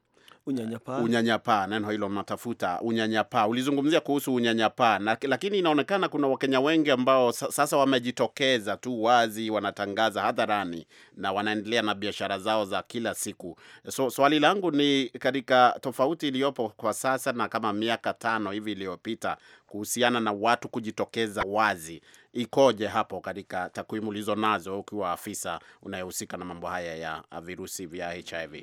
unyanyapaa, unyanyapaa, neno hilo natafuta, unyanyapaa. Ulizungumzia kuhusu unyanyapaa na, lakini inaonekana kuna Wakenya wengi ambao sasa wamejitokeza tu wazi, wanatangaza hadharani na wanaendelea na biashara zao za kila siku. So, swali langu ni katika tofauti iliyopo kwa sasa na kama miaka tano hivi iliyopita kuhusiana na watu kujitokeza wazi ikoje hapo katika takwimu ulizo nazo ukiwa afisa unayehusika na mambo haya ya virusi vya HIV?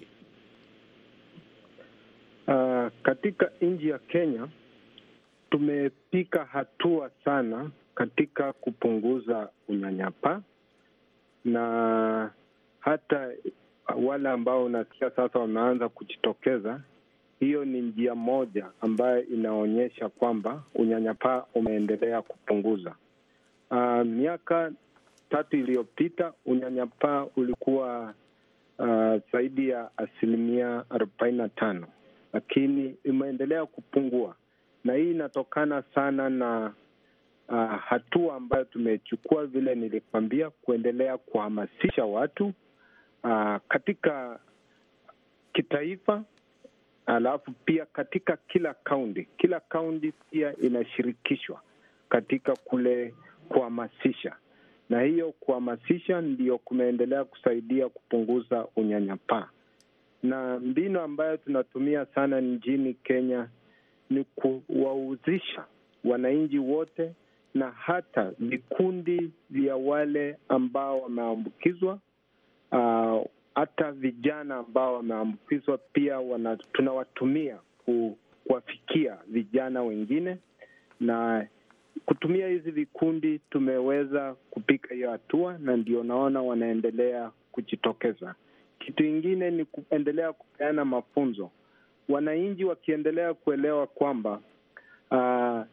katika nchi ya Kenya tumepika hatua sana katika kupunguza unyanyapaa na hata wale ambao unasikia sasa wameanza kujitokeza, hiyo ni njia moja ambayo inaonyesha kwamba unyanyapaa umeendelea kupunguza. Uh, miaka tatu iliyopita unyanyapaa ulikuwa uh, zaidi ya asilimia arobaini na tano lakini imeendelea kupungua, na hii inatokana sana na uh, hatua ambayo tumechukua, vile nilikwambia, kuendelea kuhamasisha watu uh, katika kitaifa alafu pia katika kila kaunti, kila kaunti pia inashirikishwa katika kule kuhamasisha, na hiyo kuhamasisha ndiyo kumeendelea kusaidia kupunguza unyanyapaa na mbinu ambayo tunatumia sana nchini Kenya ni kuwauzisha wananchi wote na hata vikundi vya wale ambao wameambukizwa. Uh, hata vijana ambao wameambukizwa pia wana, tunawatumia kuwafikia vijana wengine, na kutumia hizi vikundi tumeweza kupika hiyo hatua, na ndio naona wanaendelea kujitokeza. Kitu ingine ni kuendelea kupeana mafunzo, wananchi wakiendelea kuelewa kwamba uh, ah,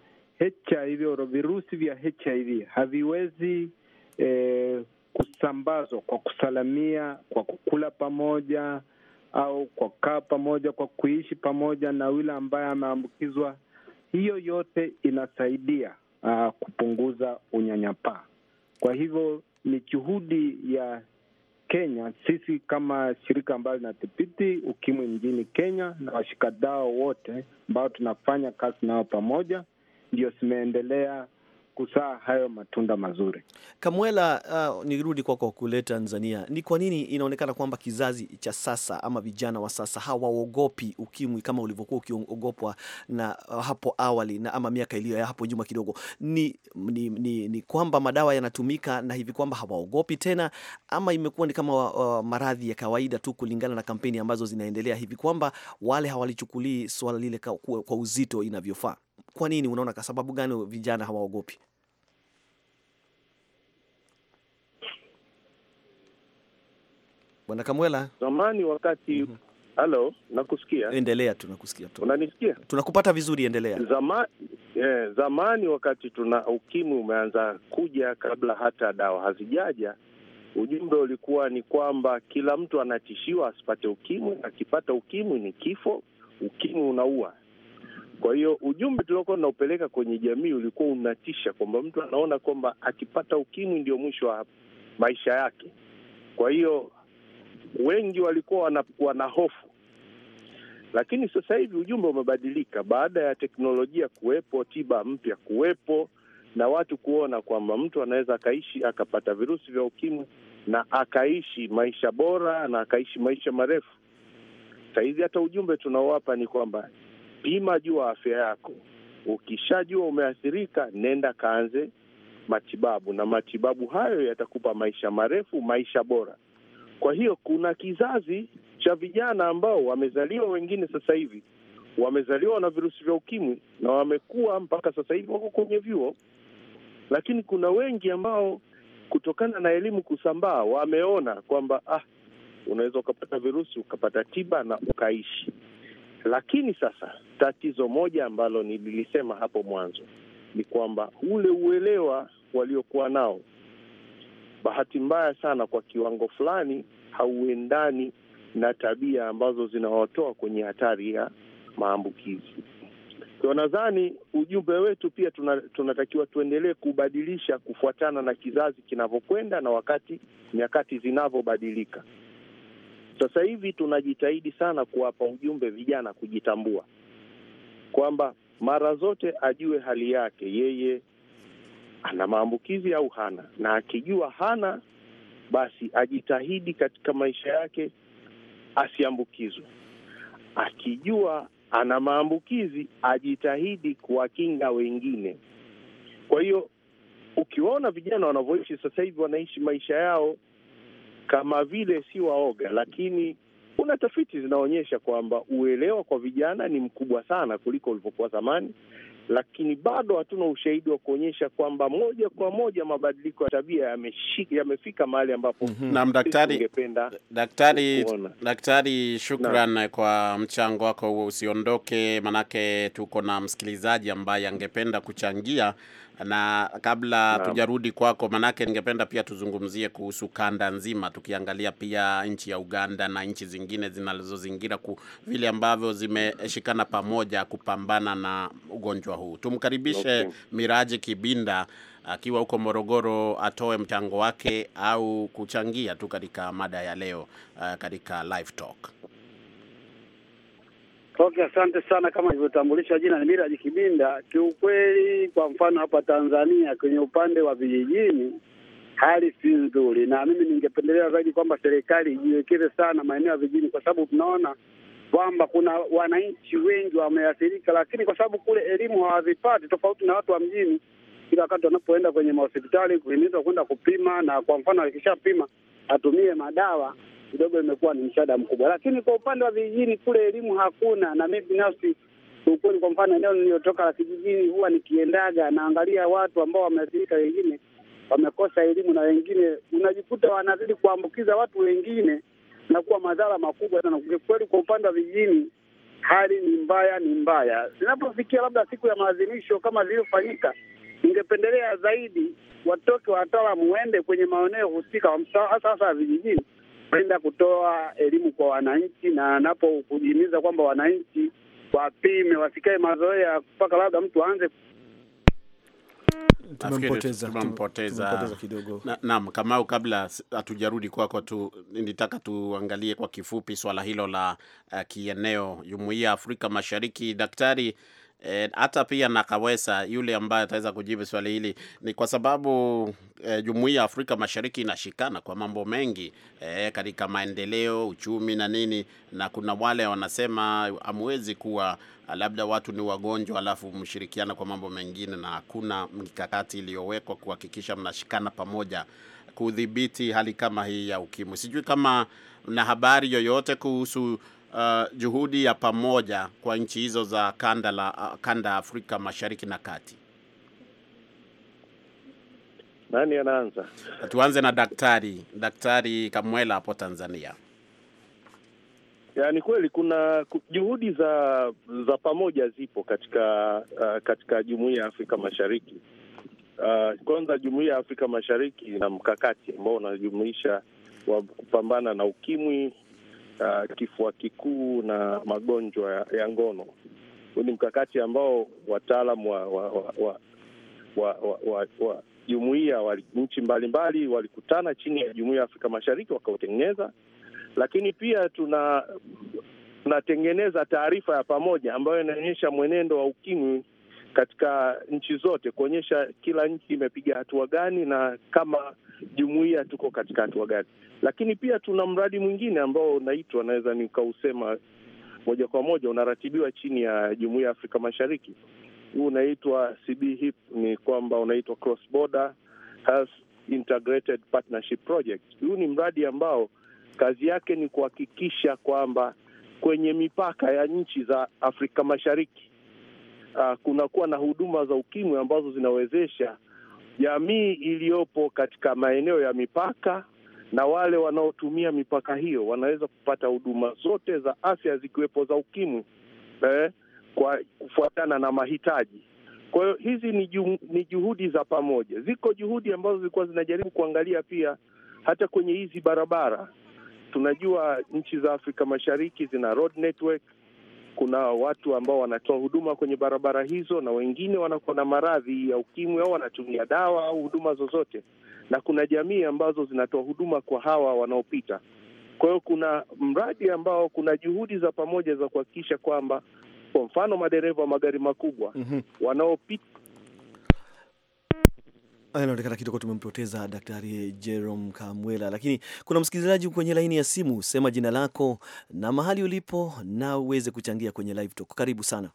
HIV au virusi vya HIV haviwezi eh, kusambazwa kwa kusalamia, kwa kukula pamoja au kwa kaa pamoja, kwa kuishi pamoja na yule ambaye ameambukizwa. Hiyo yote inasaidia uh, kupunguza unyanyapaa. Kwa hivyo ni juhudi ya Kenya, sisi kama shirika ambayo linadhibiti ukimwi mjini Kenya na washikadao wote ambao tunafanya kazi nao pamoja, ndio zimeendelea kusaa hayo matunda mazuri. Kamwela, uh, nirudi kwako kule Tanzania, ni kwa nini inaonekana kwamba kizazi cha sasa ama vijana wa sasa hawaogopi ukimwi kama ulivyokuwa ukiogopwa na uh, hapo awali na ama miaka iliyo ya hapo nyuma kidogo? Ni, ni, ni, ni kwamba madawa yanatumika na hivi kwamba hawaogopi tena, ama imekuwa ni kama uh, maradhi ya kawaida tu kulingana na kampeni ambazo zinaendelea hivi kwamba wale hawalichukulii swala lile kwa, kwa uzito inavyofaa? Kwa nini unaona, kwa sababu gani vijana hawaogopi? Bwana Kamwela, zamani wakati mm halo Nakusikia, endelea tu, nakusikia tu. Unanisikia? Tunakupata vizuri, endelea. Zama, eh, zamani wakati tuna ukimwi umeanza kuja kabla hata dawa hazijaja ujumbe ulikuwa ni kwamba kila mtu anatishiwa asipate ukimwi, akipata ukimwi ni kifo, ukimwi unaua. Kwa hiyo ujumbe tuliokuwa tunaupeleka kwenye jamii ulikuwa unatisha, kwamba mtu anaona kwamba akipata ukimwi ndio mwisho wa maisha yake. Kwa hiyo wengi walikuwa wana, wana hofu, lakini sasa hivi ujumbe umebadilika baada ya teknolojia kuwepo, tiba mpya kuwepo na watu kuona kwamba mtu anaweza akaishi akapata virusi vya ukimwi na akaishi maisha bora na akaishi maisha marefu. Sahizi hata ujumbe tunaowapa ni kwamba pima jua afya yako. Ukishajua umeathirika, nenda kaanze matibabu, na matibabu hayo yatakupa maisha marefu, maisha bora. Kwa hiyo kuna kizazi cha vijana ambao wamezaliwa, wengine sasa hivi wamezaliwa na virusi vya ukimwi na wamekuwa mpaka sasa hivi wako kwenye vyuo, lakini kuna wengi ambao kutokana na elimu kusambaa wameona kwamba ah, unaweza ukapata virusi ukapata tiba na ukaishi. Lakini sasa tatizo moja ambalo nililisema hapo mwanzo ni kwamba ule uelewa waliokuwa nao, bahati mbaya sana, kwa kiwango fulani hauendani na tabia ambazo zinawatoa kwenye hatari ya maambukizi. Kwa nadhani ujumbe wetu pia tuna, tunatakiwa tuendelee kubadilisha kufuatana na kizazi kinavyokwenda na wakati nyakati zinavyobadilika. Sasa hivi tunajitahidi sana kuwapa ujumbe vijana kujitambua kwamba mara zote ajue hali yake yeye ana maambukizi au hana, na akijua hana, basi ajitahidi katika maisha yake asiambukizwe. Akijua ana maambukizi, ajitahidi kuwakinga wengine. Kwa hiyo ukiwaona vijana wanavyoishi sasa hivi, wanaishi maisha yao kama vile si waoga, lakini kuna tafiti zinaonyesha kwamba uelewa kwa vijana ni mkubwa sana kuliko ulivyokuwa zamani, lakini bado hatuna ushahidi wa kuonyesha kwamba moja kwa moja mabadiliko ya tabia yamefika mahali ambapo mhm. nam. Daktari, daktari, daktari, shukran na kwa mchango wako huo. Usiondoke, manake tuko na msikilizaji ambaye angependa kuchangia na kabla tujarudi kwako, manake ningependa pia tuzungumzie kuhusu kanda nzima, tukiangalia pia nchi ya Uganda na nchi zingine zinazozingira vile ambavyo zimeshikana pamoja kupambana na ugonjwa huu. Tumkaribishe okay, Miraji Kibinda akiwa huko Morogoro atoe mchango wake au kuchangia tu katika mada ya leo eh, katika live talk. Okay, asante sana. Kama ilivyotambulisha, jina ni Miraji Kibinda. Kiukweli, kwa mfano hapa Tanzania kwenye upande wa vijijini hali si nzuri, na mimi ningependelea zaidi kwamba serikali ijiwekeze sana maeneo ya vijijini, kwa sababu tunaona kwamba kuna wananchi wengi wameathirika, lakini kwa sababu kule elimu hawazipati, tofauti na watu wa mjini. Kila wakati wanapoenda kwenye mahospitali kuhimizwa kwenda kupima, na kwa mfano akishapima atumie madawa kidogo imekuwa ni msaada mkubwa, lakini kwa upande wa vijijini kule elimu hakuna. Na mimi binafsi ukweli, kwa mfano eneo niliyotoka la kijijini, huwa nikiendaga naangalia watu ambao wameathirika, wengine wamekosa elimu na wengine unajikuta wanazidi kuambukiza watu wengine na kuwa madhara makubwa sana. Kweli kwa upande wa vijijini hali ni mbaya, ni mbaya. Zinapofikia labda siku ya maadhimisho kama zilizofanyika, ningependelea zaidi watoke wataalamu waende kwenye maeneo husika, hasa vijijini kwenda kutoa elimu kwa wananchi, na anapokujimiza kwamba wananchi wapime, wasikae mazoea mpaka labda mtu aanze Tumempoteza, kidogo. Naam Kamau, kabla hatujarudi kwako tu nitaka tuangalie kwa kifupi swala hilo la uh, kieneo, jumuiya ya Afrika Mashariki. Daktari Eh, hata e, pia na Kawesa yule ambaye ataweza kujibu swali hili, ni kwa sababu e, jumuiya ya Afrika Mashariki inashikana kwa mambo mengi e, katika maendeleo, uchumi na nini, na kuna wale wanasema hamwezi kuwa ah, labda watu ni wagonjwa alafu mshirikiana kwa mambo mengine, na hakuna mikakati iliyowekwa kuhakikisha mnashikana pamoja kudhibiti hali kama hii ya ukimwi. Sijui kama na habari yoyote kuhusu uh, juhudi ya pamoja kwa nchi hizo za kanda la uh, kanda ya Afrika Mashariki na Kati? Nani anaanza? Tuanze na daktari Daktari Kamwela hapo Tanzania. Ya, ni kweli kuna juhudi za za pamoja zipo katika uh, katika Jumuiya ya Afrika Mashariki. Uh, kwanza Jumuiya ya Afrika Mashariki ina mkakati ambao unajumuisha wa kupambana na ukimwi uh, kifua kikuu na magonjwa ya, ya ngono. Huu ni mkakati ambao wataalam wa wa wa, wa, wa, wa, wa, wa jumuia wa nchi mbalimbali walikutana chini ya Jumuia ya Afrika Mashariki wakautengeneza, lakini pia tuna tunatengeneza taarifa ya pamoja ambayo inaonyesha mwenendo wa ukimwi katika nchi zote kuonyesha kila nchi imepiga hatua gani na kama jumuiya tuko katika hatua gani. Lakini pia tuna mradi mwingine ambao unaitwa, naweza nikausema moja kwa moja, unaratibiwa chini ya jumuiya ya Afrika Mashariki. Huu unaitwa CBHIP, ni kwamba unaitwa Cross Border Health Integrated Partnership Project. Huu ni mradi ambao kazi yake ni kuhakikisha kwamba kwenye mipaka ya nchi za Afrika Mashariki uh, kunakuwa na huduma za ukimwi ambazo zinawezesha jamii iliyopo katika maeneo ya mipaka na wale wanaotumia mipaka hiyo wanaweza kupata huduma zote za afya zikiwepo za ukimwi eh, kwa kufuatana na mahitaji. Kwa hiyo hizi ni, ju, ni juhudi za pamoja. Ziko juhudi ambazo zilikuwa zinajaribu kuangalia pia hata kwenye hizi barabara. Tunajua nchi za Afrika Mashariki zina road kuna watu ambao wanatoa huduma kwenye barabara hizo, na wengine wanakuwa na maradhi ya ukimwi au wanatumia dawa au huduma zozote, na kuna jamii ambazo zinatoa huduma kwa hawa wanaopita. Kwa hiyo kuna mradi ambao kuna juhudi za pamoja za kuhakikisha kwamba kwa mfano madereva wa magari makubwa mm -hmm. wanaopita Anaonekana kidogo tumempoteza Daktari Jerome Kamwela, lakini kuna msikilizaji kwenye laini ya simu. Sema jina lako na mahali ulipo na uweze kuchangia kwenye live talk. Karibu sana.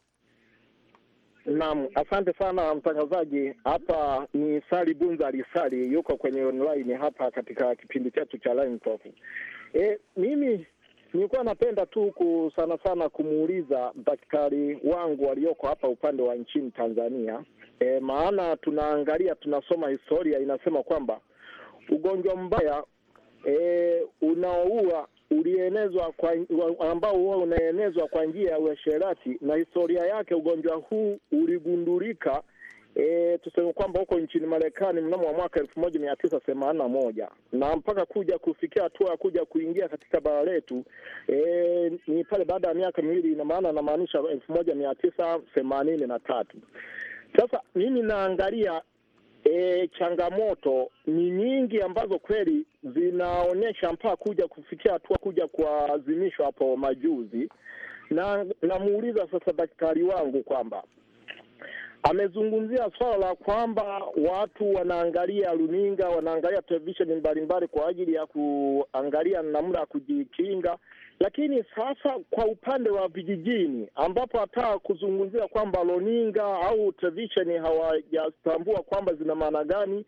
Naam, asante sana mtangazaji. Hapa ni Sali Bunza Lisali, yuko kwenye online hapa katika kipindi chetu cha live talk. E, mimi Nilikuwa napenda tu ku sana sana kumuuliza daktari wangu walioko hapa upande wa nchini Tanzania e, maana tunaangalia tunasoma historia inasema kwamba ugonjwa mbaya e, unaoua ulienezwa kwa ambao huwa unaenezwa kwa njia ya uasherati, na historia yake ugonjwa huu uligundulika E, tuseme kwamba huko nchini Marekani mnamo wa mwaka elfu moja mia tisa themanini na moja na mpaka kuja kufikia hatua ya kuja kuingia katika bara letu e, ni pale baada ya miaka miwili, ina maana namaanisha elfu moja mia tisa themanini na tatu. Sasa mimi naangalia E, changamoto ni nyingi ambazo kweli zinaonyesha mpaka kuja kufikia hatua kuja kuadhimishwa hapo majuzi, na namuuliza sasa daktari wangu kwamba amezungumzia swala la kwamba watu wanaangalia runinga, wanaangalia televisheni mbalimbali kwa ajili ya kuangalia namna ya kujikinga, lakini sasa kwa upande wa vijijini, ambapo hata kuzungumzia kwamba runinga au televisheni hawajatambua kwamba zina maana gani,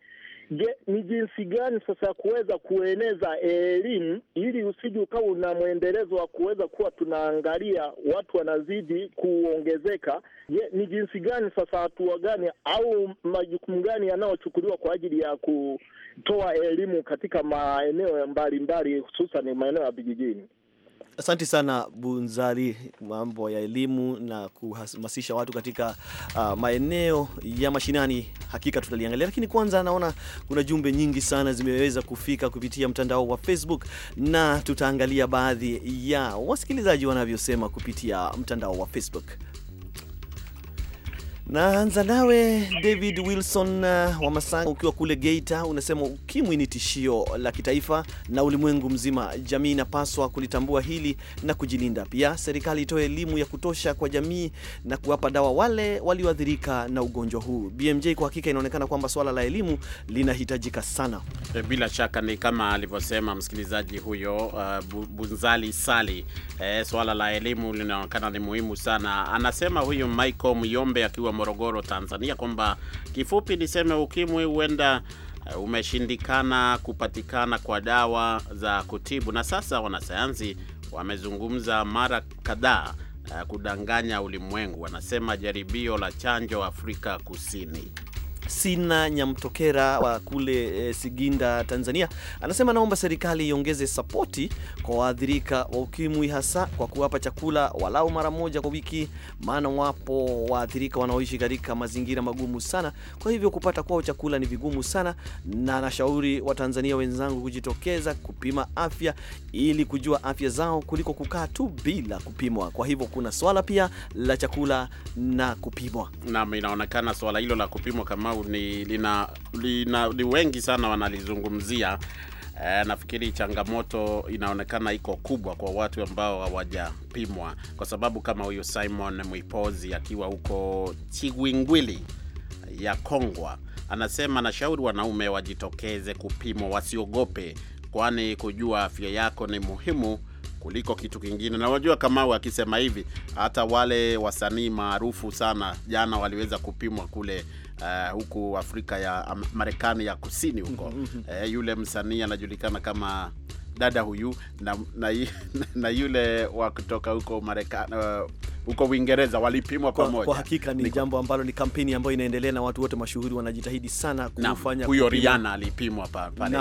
Je, ni jinsi gani sasa ya kuweza kueneza elimu ili usiji ukawa una mwendelezo wa kuweza kuwa tunaangalia watu wanazidi kuongezeka? Je, ni jinsi gani sasa, hatua gani au majukumu gani yanayochukuliwa kwa ajili ya kutoa elimu katika maeneo mbalimbali, hususan maeneo ya vijijini? Asante sana Bunzali, mambo ya elimu na kuhamasisha watu katika uh, maeneo ya mashinani, hakika tutaliangalia. Lakini kwanza, naona kuna jumbe nyingi sana zimeweza kufika kupitia mtandao wa Facebook na tutaangalia baadhi ya wasikilizaji wanavyosema kupitia mtandao wa Facebook. Naanza nawe David Wilson uh, wa Masanga, ukiwa kule Geita, unasema ukimwi ni tishio la kitaifa na ulimwengu mzima. Jamii inapaswa kulitambua hili na kujilinda. Pia serikali itoe elimu ya kutosha kwa jamii na kuwapa dawa wale walioathirika na ugonjwa huu. BMJ, kwa hakika inaonekana kwamba swala la elimu linahitajika sana. Eh, bila shaka ni kama alivyosema msikilizaji huyo, uh, Bunzali Sali. Eh, swala la elimu linaonekana ni muhimu sana, anasema huyu Michael Myombe akiwa Morogoro, Tanzania, kwamba kifupi niseme ukimwi huenda uh, umeshindikana kupatikana kwa dawa za kutibu, na sasa wanasayansi wamezungumza mara kadhaa uh, kudanganya ulimwengu. Wanasema jaribio la chanjo Afrika Kusini Sina Nyamtokera wa kule e, Siginda, Tanzania, anasema naomba serikali iongeze sapoti kwa waathirika wa ukimwi, hasa kwa kuwapa chakula walau mara moja kwa wiki, maana wapo waathirika wanaoishi katika mazingira magumu sana, kwa hivyo kupata kwao chakula ni vigumu sana, na nashauri Watanzania wenzangu kujitokeza kupima afya ili kujua afya zao kuliko kukaa tu bila kupimwa. Kwa hivyo kuna swala pia la chakula na kupimwa. nam inaonekana swala hilo la kupimwa kama ni, lina, lina, ni wengi sana wanalizungumzia. E, nafikiri changamoto inaonekana iko kubwa kwa watu ambao hawajapimwa, kwa sababu kama huyu Simon Mwipozi akiwa huko Chigwingwili ya Kongwa anasema, nashauri wanaume wajitokeze kupimwa, wasiogope, kwani kujua afya yako ni muhimu kuliko kitu kingine. Na unajua kama akisema hivi, hata wale wasanii maarufu sana jana waliweza kupimwa kule uh, huku Afrika ya Marekani ya Kusini huko mm -hmm. uh, yule msanii anajulikana kama dada huyu na, na, na yule wa kutoka huko Marekani uh, huko Uingereza walipimwa pamoja. Kwa hakika ni jambo ambalo ni kampeni ambayo inaendelea na watu wote mashuhuri wanajitahidi sana kufanya. Huyo Rihanna alipimwa pa, pale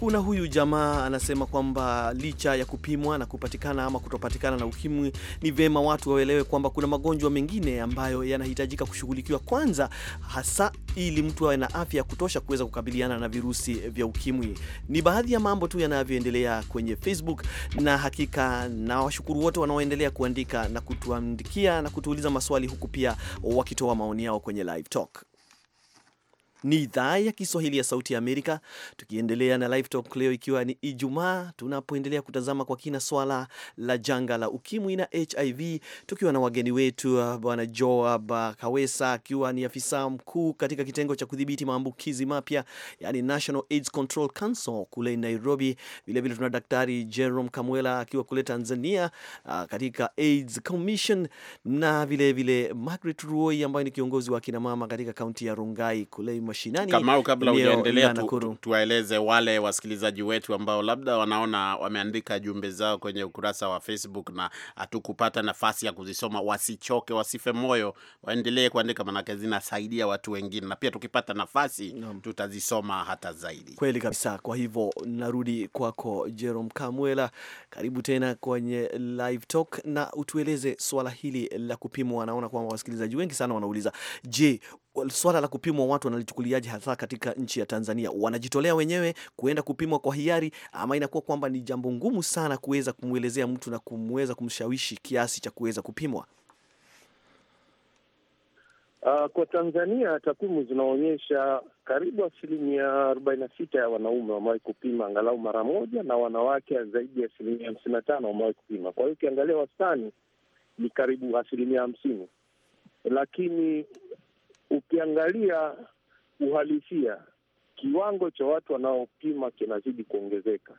Kuna huyu jamaa anasema kwamba licha ya kupimwa na kupatikana ama kutopatikana na ukimwi, ni vema watu waelewe kwamba kuna magonjwa mengine ambayo yanahitajika kushughulikiwa kwanza, hasa ili mtu awe na afya ya kutosha kuweza kukabiliana na virusi vya ukimwi. Ni baadhi ya mambo tu yanavyoendelea kwenye Facebook, na hakika na washukuru wote wanaoendelea kuandika na kutuandikia na kutuuliza maswali, huku pia wakitoa maoni yao kwenye live talk. Ni idhaa ya Kiswahili ya Sauti ya Amerika, tukiendelea na Live Talk leo, ikiwa ni Ijumaa, tunapoendelea kutazama kwa kina swala la janga la ukimwi na HIV, tukiwa na wageni wetu uh, Bwana Joab uh, Kawesa akiwa ni afisa mkuu katika kitengo cha kudhibiti maambukizi mapya, yani National AIDS Control Council kule Nairobi. Vilevile tuna Daktari Jerome Kamwela akiwa kule Tanzania uh, katika AIDS Commission, na vilevile Margaret Ruoi ambaye ni kiongozi wa kinamama katika kaunti ya Rungai kule mashinani. Kamau, kabla hujaendelea, tu, tuwaeleze wale wasikilizaji wetu ambao labda wanaona wameandika jumbe zao kwenye ukurasa wa Facebook na hatukupata nafasi ya kuzisoma, wasichoke, wasife moyo, waendelee kuandika, manake zinasaidia watu wengine, na pia tukipata nafasi no. tutazisoma hata zaidi. Kweli kabisa. Kwa hivyo narudi kwako Jerome Kamwela, karibu tena kwenye live talk na utueleze swala hili la kupimwa. Naona kwamba wasikilizaji wengi sana wanauliza, je, swala la kupimwa watu wanalichukuliaje, hasa katika nchi ya Tanzania? Wanajitolea wenyewe kuenda kupimwa kwa hiari, ama inakuwa kwamba ni jambo ngumu sana kuweza kumwelezea mtu na kumweza kumshawishi kiasi cha kuweza kupimwa? Uh, kwa Tanzania takwimu zinaonyesha karibu asilimia arobaini na sita ya wanaume wamewahi kupima angalau mara moja, na wanawake zaidi ya asilimia hamsini na tano wamewahi kupima. Kwa hiyo ukiangalia wastani ni karibu asilimia hamsini, lakini ukiangalia uhalisia, kiwango cha watu wanaopima kinazidi kuongezeka.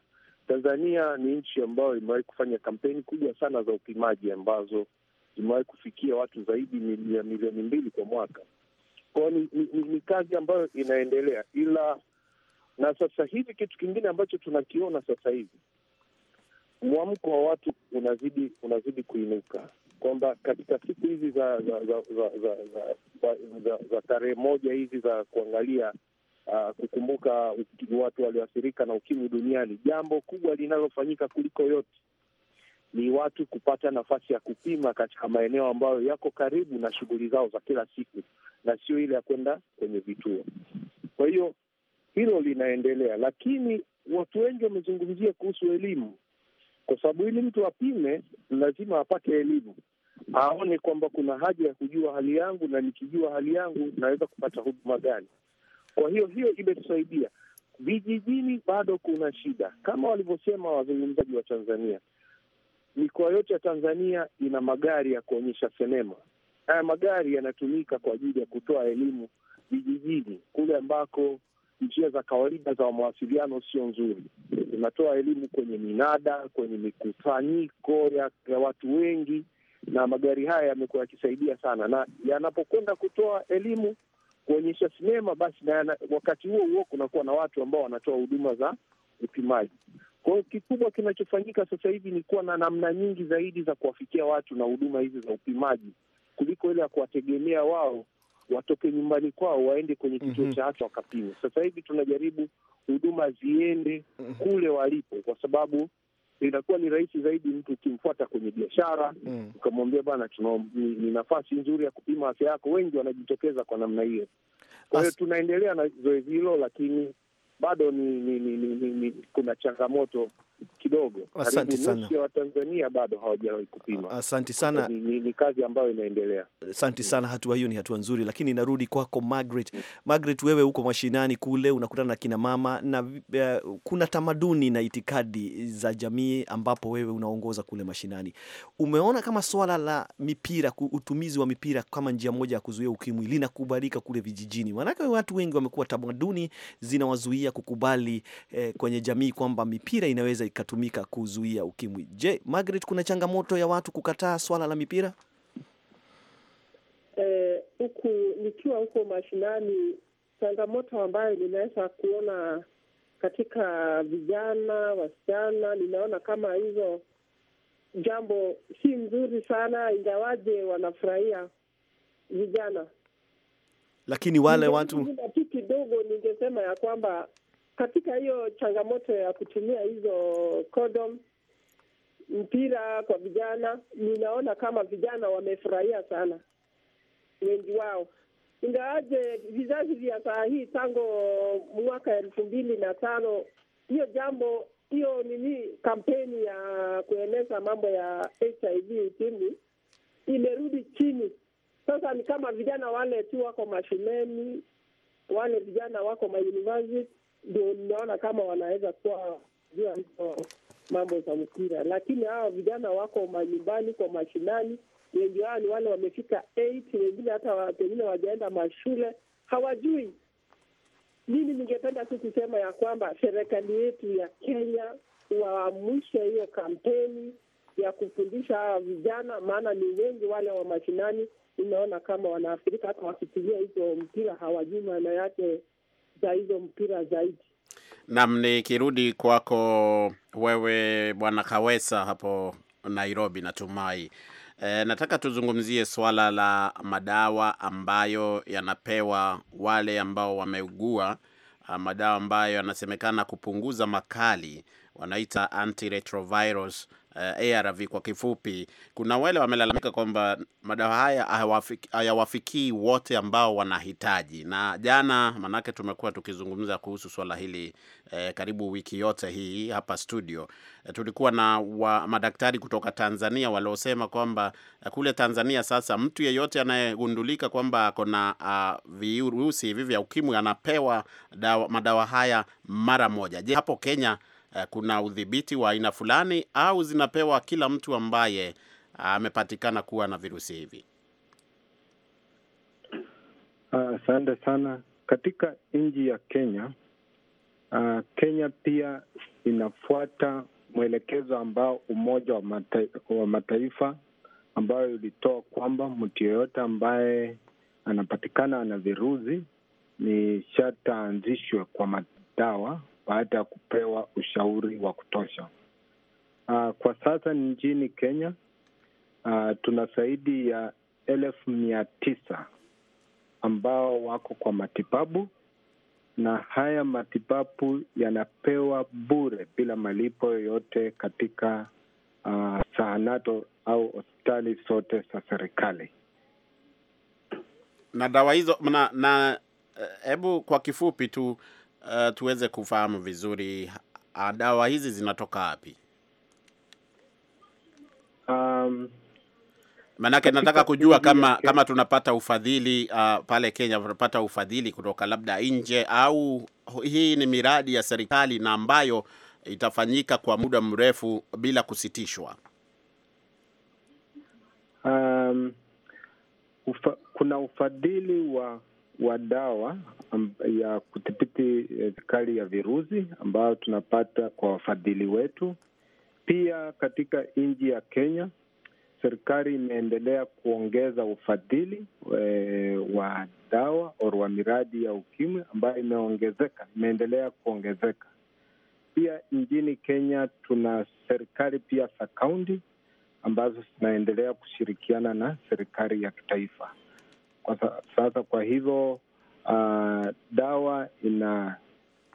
Tanzania ni nchi ambayo imewahi kufanya kampeni kubwa sana za upimaji ambazo zimewahi kufikia watu zaidi ya milioni mbili kwa mwaka. Kwao ni, ni, ni, ni kazi ambayo inaendelea, ila na sasa hivi kitu kingine ambacho tunakiona sasa hivi mwamko wa watu unazidi unazidi kuinuka kwamba katika siku hizi za za za, za, za, za, za, za, za tarehe moja hizi za kuangalia uh, kukumbuka watu walioathirika na ukimwi duniani, jambo kubwa linalofanyika kuliko yote ni watu kupata nafasi ya kupima katika maeneo ambayo yako karibu na shughuli zao za kila siku na sio ile ya kwenda kwenye vituo. Kwa hiyo hilo linaendelea, lakini watu wengi wamezungumzia kuhusu elimu, kwa sababu ili mtu apime lazima apate elimu aone kwamba kuna haja ya kujua hali yangu, na nikijua hali yangu naweza kupata huduma gani. Kwa hiyo hiyo imetusaidia. Vijijini bado kuna shida, kama walivyosema wazungumzaji wa Tanzania. Mikoa yote ya Tanzania ina magari ya kuonyesha sinema. Haya magari yanatumika kwa ajili ya kutoa elimu vijijini kule ambako njia za kawaida za mawasiliano sio nzuri. inatoa elimu kwenye minada, kwenye mikusanyiko ya, ya watu wengi na magari haya yamekuwa yakisaidia sana, na yanapokwenda kutoa elimu kuonyesha sinema, basi na yana, wakati huo huo kunakuwa na watu ambao wanatoa huduma za upimaji. Kwa hiyo kikubwa kinachofanyika sasa hivi ni kuwa na namna nyingi zaidi za kuwafikia watu na huduma hizi za upimaji kuliko ile ya kuwategemea wao watoke nyumbani kwao waende kwenye kituo mm -hmm. cha afya wakapimwa. Sasa hivi tunajaribu huduma ziende mm -hmm. kule walipo, kwa sababu inakuwa ni rahisi zaidi mtu ukimfuata kwenye biashara mm. Ukamwambia bana, ni, ni nafasi nzuri ya kupima afya yako. Wengi wanajitokeza kwa namna hiyo. Kwa hiyo tunaendelea na zoezi hilo, lakini bado ni, ni, ni, ni, ni, ni kuna changamoto kidogo. Asante sana. wa Tanzania bado hawajawahi kupima. Asante sana. Ni, ni, kazi ambayo inaendelea. Asante mm. sana, hatua hiyo ni hatua nzuri, lakini narudi kwako Margaret. Mm. Margaret, wewe huko mashinani kule unakutana na kina mama na uh, kuna tamaduni na itikadi za jamii ambapo wewe unaongoza kule mashinani, umeona kama swala la mipira, utumizi wa mipira kama njia moja ya kuzuia ukimwi linakubalika kule vijijini? Maanake watu wengi wamekuwa, tamaduni zinawazuia kukubali eh, kwenye jamii kwamba mipira inaweza ikatumika kuzuia ukimwi. Je, Margaret, kuna changamoto ya watu kukataa swala la mipira? Eh, huku E, nikiwa huko mashinani, changamoto ambayo ninaweza kuona katika vijana wasichana, ninaona kama hizo jambo si nzuri sana, ingawaje wanafurahia vijana, lakini wale watu tu kidogo, ningesema ya kwamba katika hiyo changamoto ya kutumia hizo kodom mpira kwa vijana, ninaona kama vijana wamefurahia sana wengi wao, ingawaje vizazi vya saa hii tangu mwaka elfu mbili na tano hiyo jambo hiyo nini, kampeni ya kueneza mambo ya HIV ukimwi imerudi chini. Sasa ni kama vijana wale tu wako mashuleni, wale vijana wako mauniversity ndio naona kama wanaweza kuwa jua hizo mambo za mpira, lakini hawa vijana wako manyumbani kwa mashinani. Wengi wao ni wale wamefika wengine hata pengine wajaenda mashule, hawajui mimi ningependa tu kusema ya kwamba serikali yetu ya Kenya waamushe hiyo kampeni ya kufundisha hawa vijana, maana ni wengi wale wa mashinani. Inaona kama wanaathirika, hata wakitumia hizo mpira hawajui maana yake za hizo mpira zaidi. Naam, nikirudi kwako wewe Bwana Kawesa hapo Nairobi, natumai e, nataka tuzungumzie swala la madawa ambayo yanapewa wale ambao wameugua, madawa ambayo yanasemekana kupunguza makali, wanaita antiretrovirals uh, eh, ARV kwa kifupi, kuna wale wamelalamika kwamba madawa haya hayawafikii wote ambao wanahitaji. Na jana, manake tumekuwa tukizungumza kuhusu swala hili eh, karibu wiki yote hii hapa studio eh, tulikuwa na wa, madaktari kutoka Tanzania waliosema kwamba eh, kule Tanzania sasa mtu yeyote anayegundulika kwamba ako na uh, virusi hivi vya ukimwi anapewa dawa, madawa haya mara moja. Je, hapo Kenya Eh, kuna udhibiti wa aina fulani au zinapewa kila mtu ambaye amepatikana kuwa na virusi hivi? Asante uh, sana. Katika nchi ya Kenya uh, Kenya pia inafuata mwelekezo ambao Umoja wa, mata, wa Mataifa ambayo ilitoa kwamba mtu yeyote ambaye anapatikana ana virusi ni shataanzishwe kwa madawa baada ya kupewa ushauri wa kutosha. Uh, kwa sasa nchini Kenya uh, tuna zaidi ya elfu mia tisa ambao wako kwa matibabu na haya matibabu yanapewa bure bila malipo yoyote katika uh, ah, sahanato au hospitali zote za serikali. Na dawa hizo na eh, hebu, kwa kifupi tu uh, tuweze kufahamu vizuri ah, dawa hizi zinatoka wapi? um, Manake nataka kujua kama kama tunapata ufadhili uh, pale Kenya tunapata ufadhili kutoka labda nje au hii ni miradi ya serikali na ambayo itafanyika kwa muda mrefu bila kusitishwa. Um, ufa, kuna ufadhili wa wa dawa ya kudhibiti eh, kali ya virusi ambayo tunapata kwa wafadhili wetu. Pia katika nchi ya Kenya, serikali imeendelea kuongeza ufadhili eh, wa dawa au wa miradi ya ukimwi ambayo imeongezeka, imeendelea kuongezeka. Pia nchini Kenya tuna serikali pia za kaunti ambazo zinaendelea kushirikiana na serikali ya kitaifa kwa sasa. Kwa hivyo uh, dawa ina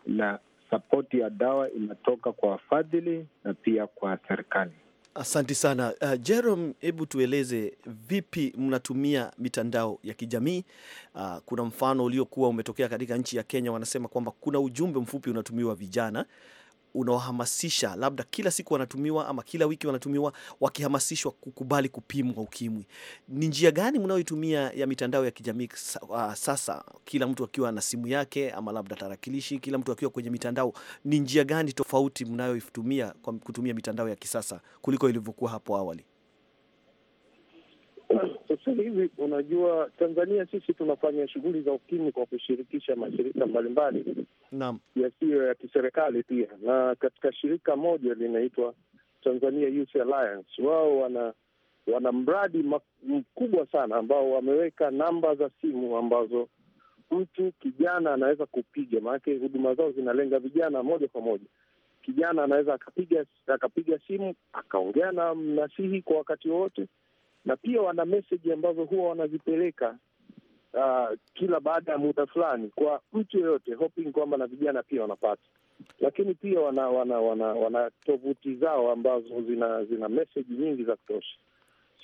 ina sapoti ya dawa inatoka kwa wafadhili na pia kwa serikali. Asanti sana uh, Jerome, hebu tueleze vipi mnatumia mitandao ya kijamii uh, kuna mfano uliokuwa umetokea katika nchi ya Kenya, wanasema kwamba kuna ujumbe mfupi unatumiwa vijana unaohamasisha labda kila siku wanatumiwa ama kila wiki wanatumiwa wakihamasishwa kukubali kupimwa ukimwi. Ni njia gani mnayoitumia ya mitandao ya kijamii ah, sasa, kila mtu akiwa na simu yake ama labda tarakilishi, kila mtu akiwa kwenye mitandao? Ni njia gani tofauti mnayoitumia kwa kutumia mitandao ya kisasa kuliko ilivyokuwa hapo awali? sasa hivi unajua, Tanzania sisi tunafanya shughuli za ukimwi kwa kushirikisha mashirika mbalimbali yasiyo ya kiserikali pia, na katika shirika moja linaitwa Tanzania Youth Alliance. Wao wana wana mradi mkubwa sana ambao wameweka namba za simu ambazo mtu kijana anaweza kupiga, maanake huduma zao zinalenga vijana moja kwa moja. Kijana anaweza akapiga akapiga simu akaongea na mnasihi kwa wakati wowote na pia wana meseji ambazo huwa wanazipeleka uh, kila baada ya muda fulani kwa mtu yoyote, hoping kwamba na vijana pia wanapata, lakini pia wana wana wana, wana tovuti zao ambazo zina zina meseji nyingi za kutosha.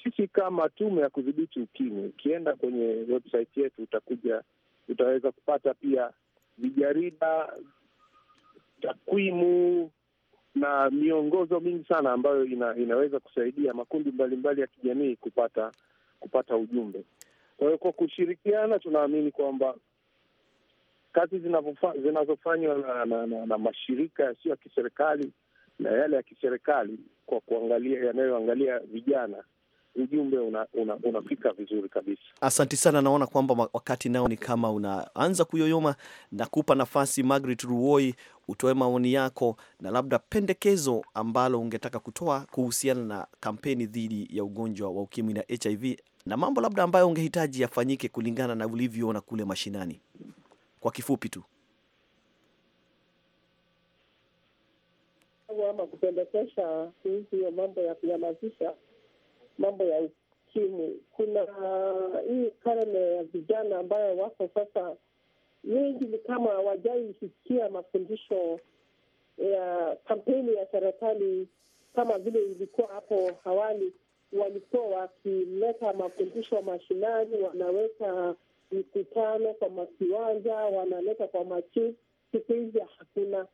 Sisi kama Tume ya Kudhibiti Ukimwi, ukienda kwenye website yetu utakuja, utaweza kupata pia vijarida, takwimu na miongozo mingi sana ambayo ina, inaweza kusaidia makundi mbalimbali mbali ya kijamii kupata kupata ujumbe. Kwa hiyo kwa kushirikiana, tunaamini kwamba kazi zinazofanywa na, na, na, na mashirika yasiyo ya kiserikali na yale ya kiserikali kwa kuangalia yanayoangalia vijana ujumbe unafika una, una vizuri kabisa. Asanti sana, naona kwamba wakati nao ni kama unaanza kuyoyoma. kupa nafasi Margaret Ruoi utoe maoni yako na labda pendekezo ambalo ungetaka kutoa kuhusiana na kampeni dhidi ya ugonjwa wa ukimwi na HIV na mambo labda ambayo ungehitaji yafanyike kulingana na ulivyoona kule mashinani, kwa kifupi tu ama kupendekesha kuhusu hiyo mambo ya kuhamasisha mambo ya ukimwi. Kuna hii karne ya vijana ambayo wako sasa, wengi ni kama hawajaisikia mafundisho ya kampeni ya serikali kama vile ilikuwa hapo awali. Walikuwa wakileta mafundisho mashinani, wanaweka mikutano kwa makiwanja, wanaleta kwa machi. Siku hizi hakuna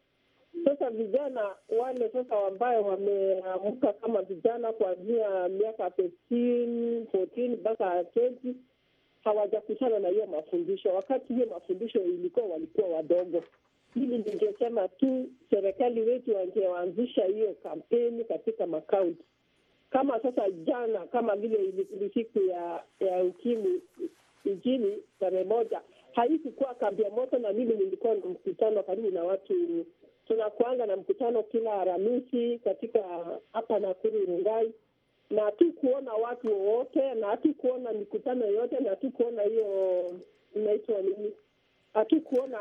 sasa vijana wale sasa ambayo wameamka kama vijana kuanzia miaka 13, 14 mpaka 20 hawajakutana na hiyo mafundisho. Wakati hiyo mafundisho ilikuwa walikuwa wadogo. Hili ningesema tu serikali wetu wangeanzisha hiyo kampeni katika makaunti kama sasa jana, kama vile ni siku ya ya ukimwi nchini tarehe moja, haikukuwa kambia moto, na mimi nilikuwa na mkutano karibu na watu tunakuanga na mkutano kila Aramisi katika hapa Nakuru Rungai, na kuona watu wowote na kuona mikutano yote na kuona hiyo inaitwa nini, hatukuona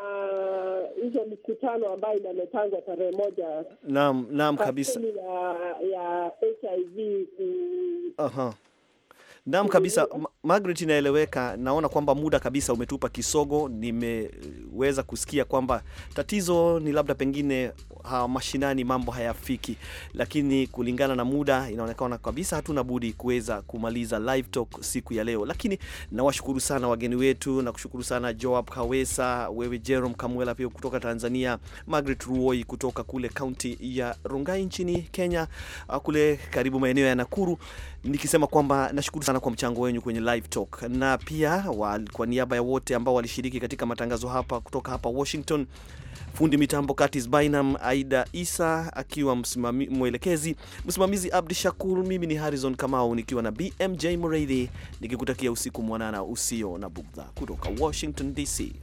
hizo mikutano ambayo inametangwa tarehe moja. Naam, naam kabisa ya, ya HIV. Aha, naam kabisa. Margaret, inaeleweka. Naona kwamba muda kabisa umetupa kisogo. Nimeweza kusikia kwamba tatizo ni labda pengine ha, mashinani mambo hayafiki, lakini kulingana na muda inaonekana kabisa hatuna budi kuweza kumaliza live talk siku ya leo. Lakini nawashukuru sana wageni wetu, na kushukuru sana Joab Kawesa, wewe Jerome Kamwela pia kutoka Tanzania, Margaret Ruoi kutoka kule kaunti ya Rongai nchini Kenya, kule karibu maeneo ya Nakuru, nikisema kwamba nashukuru sana kwa mchango wenu kwenye Live Talk, na pia wa, kwa niaba ya wote ambao walishiriki katika matangazo hapa kutoka hapa Washington, fundi mitambo Curtis Bynum, Aida Isa akiwa msimami, mwelekezi msimamizi Abdi Shakur, mimi ni Harrison Kamau nikiwa na BMJ Muridi nikikutakia usiku mwanana usio na bugdha kutoka Washington DC.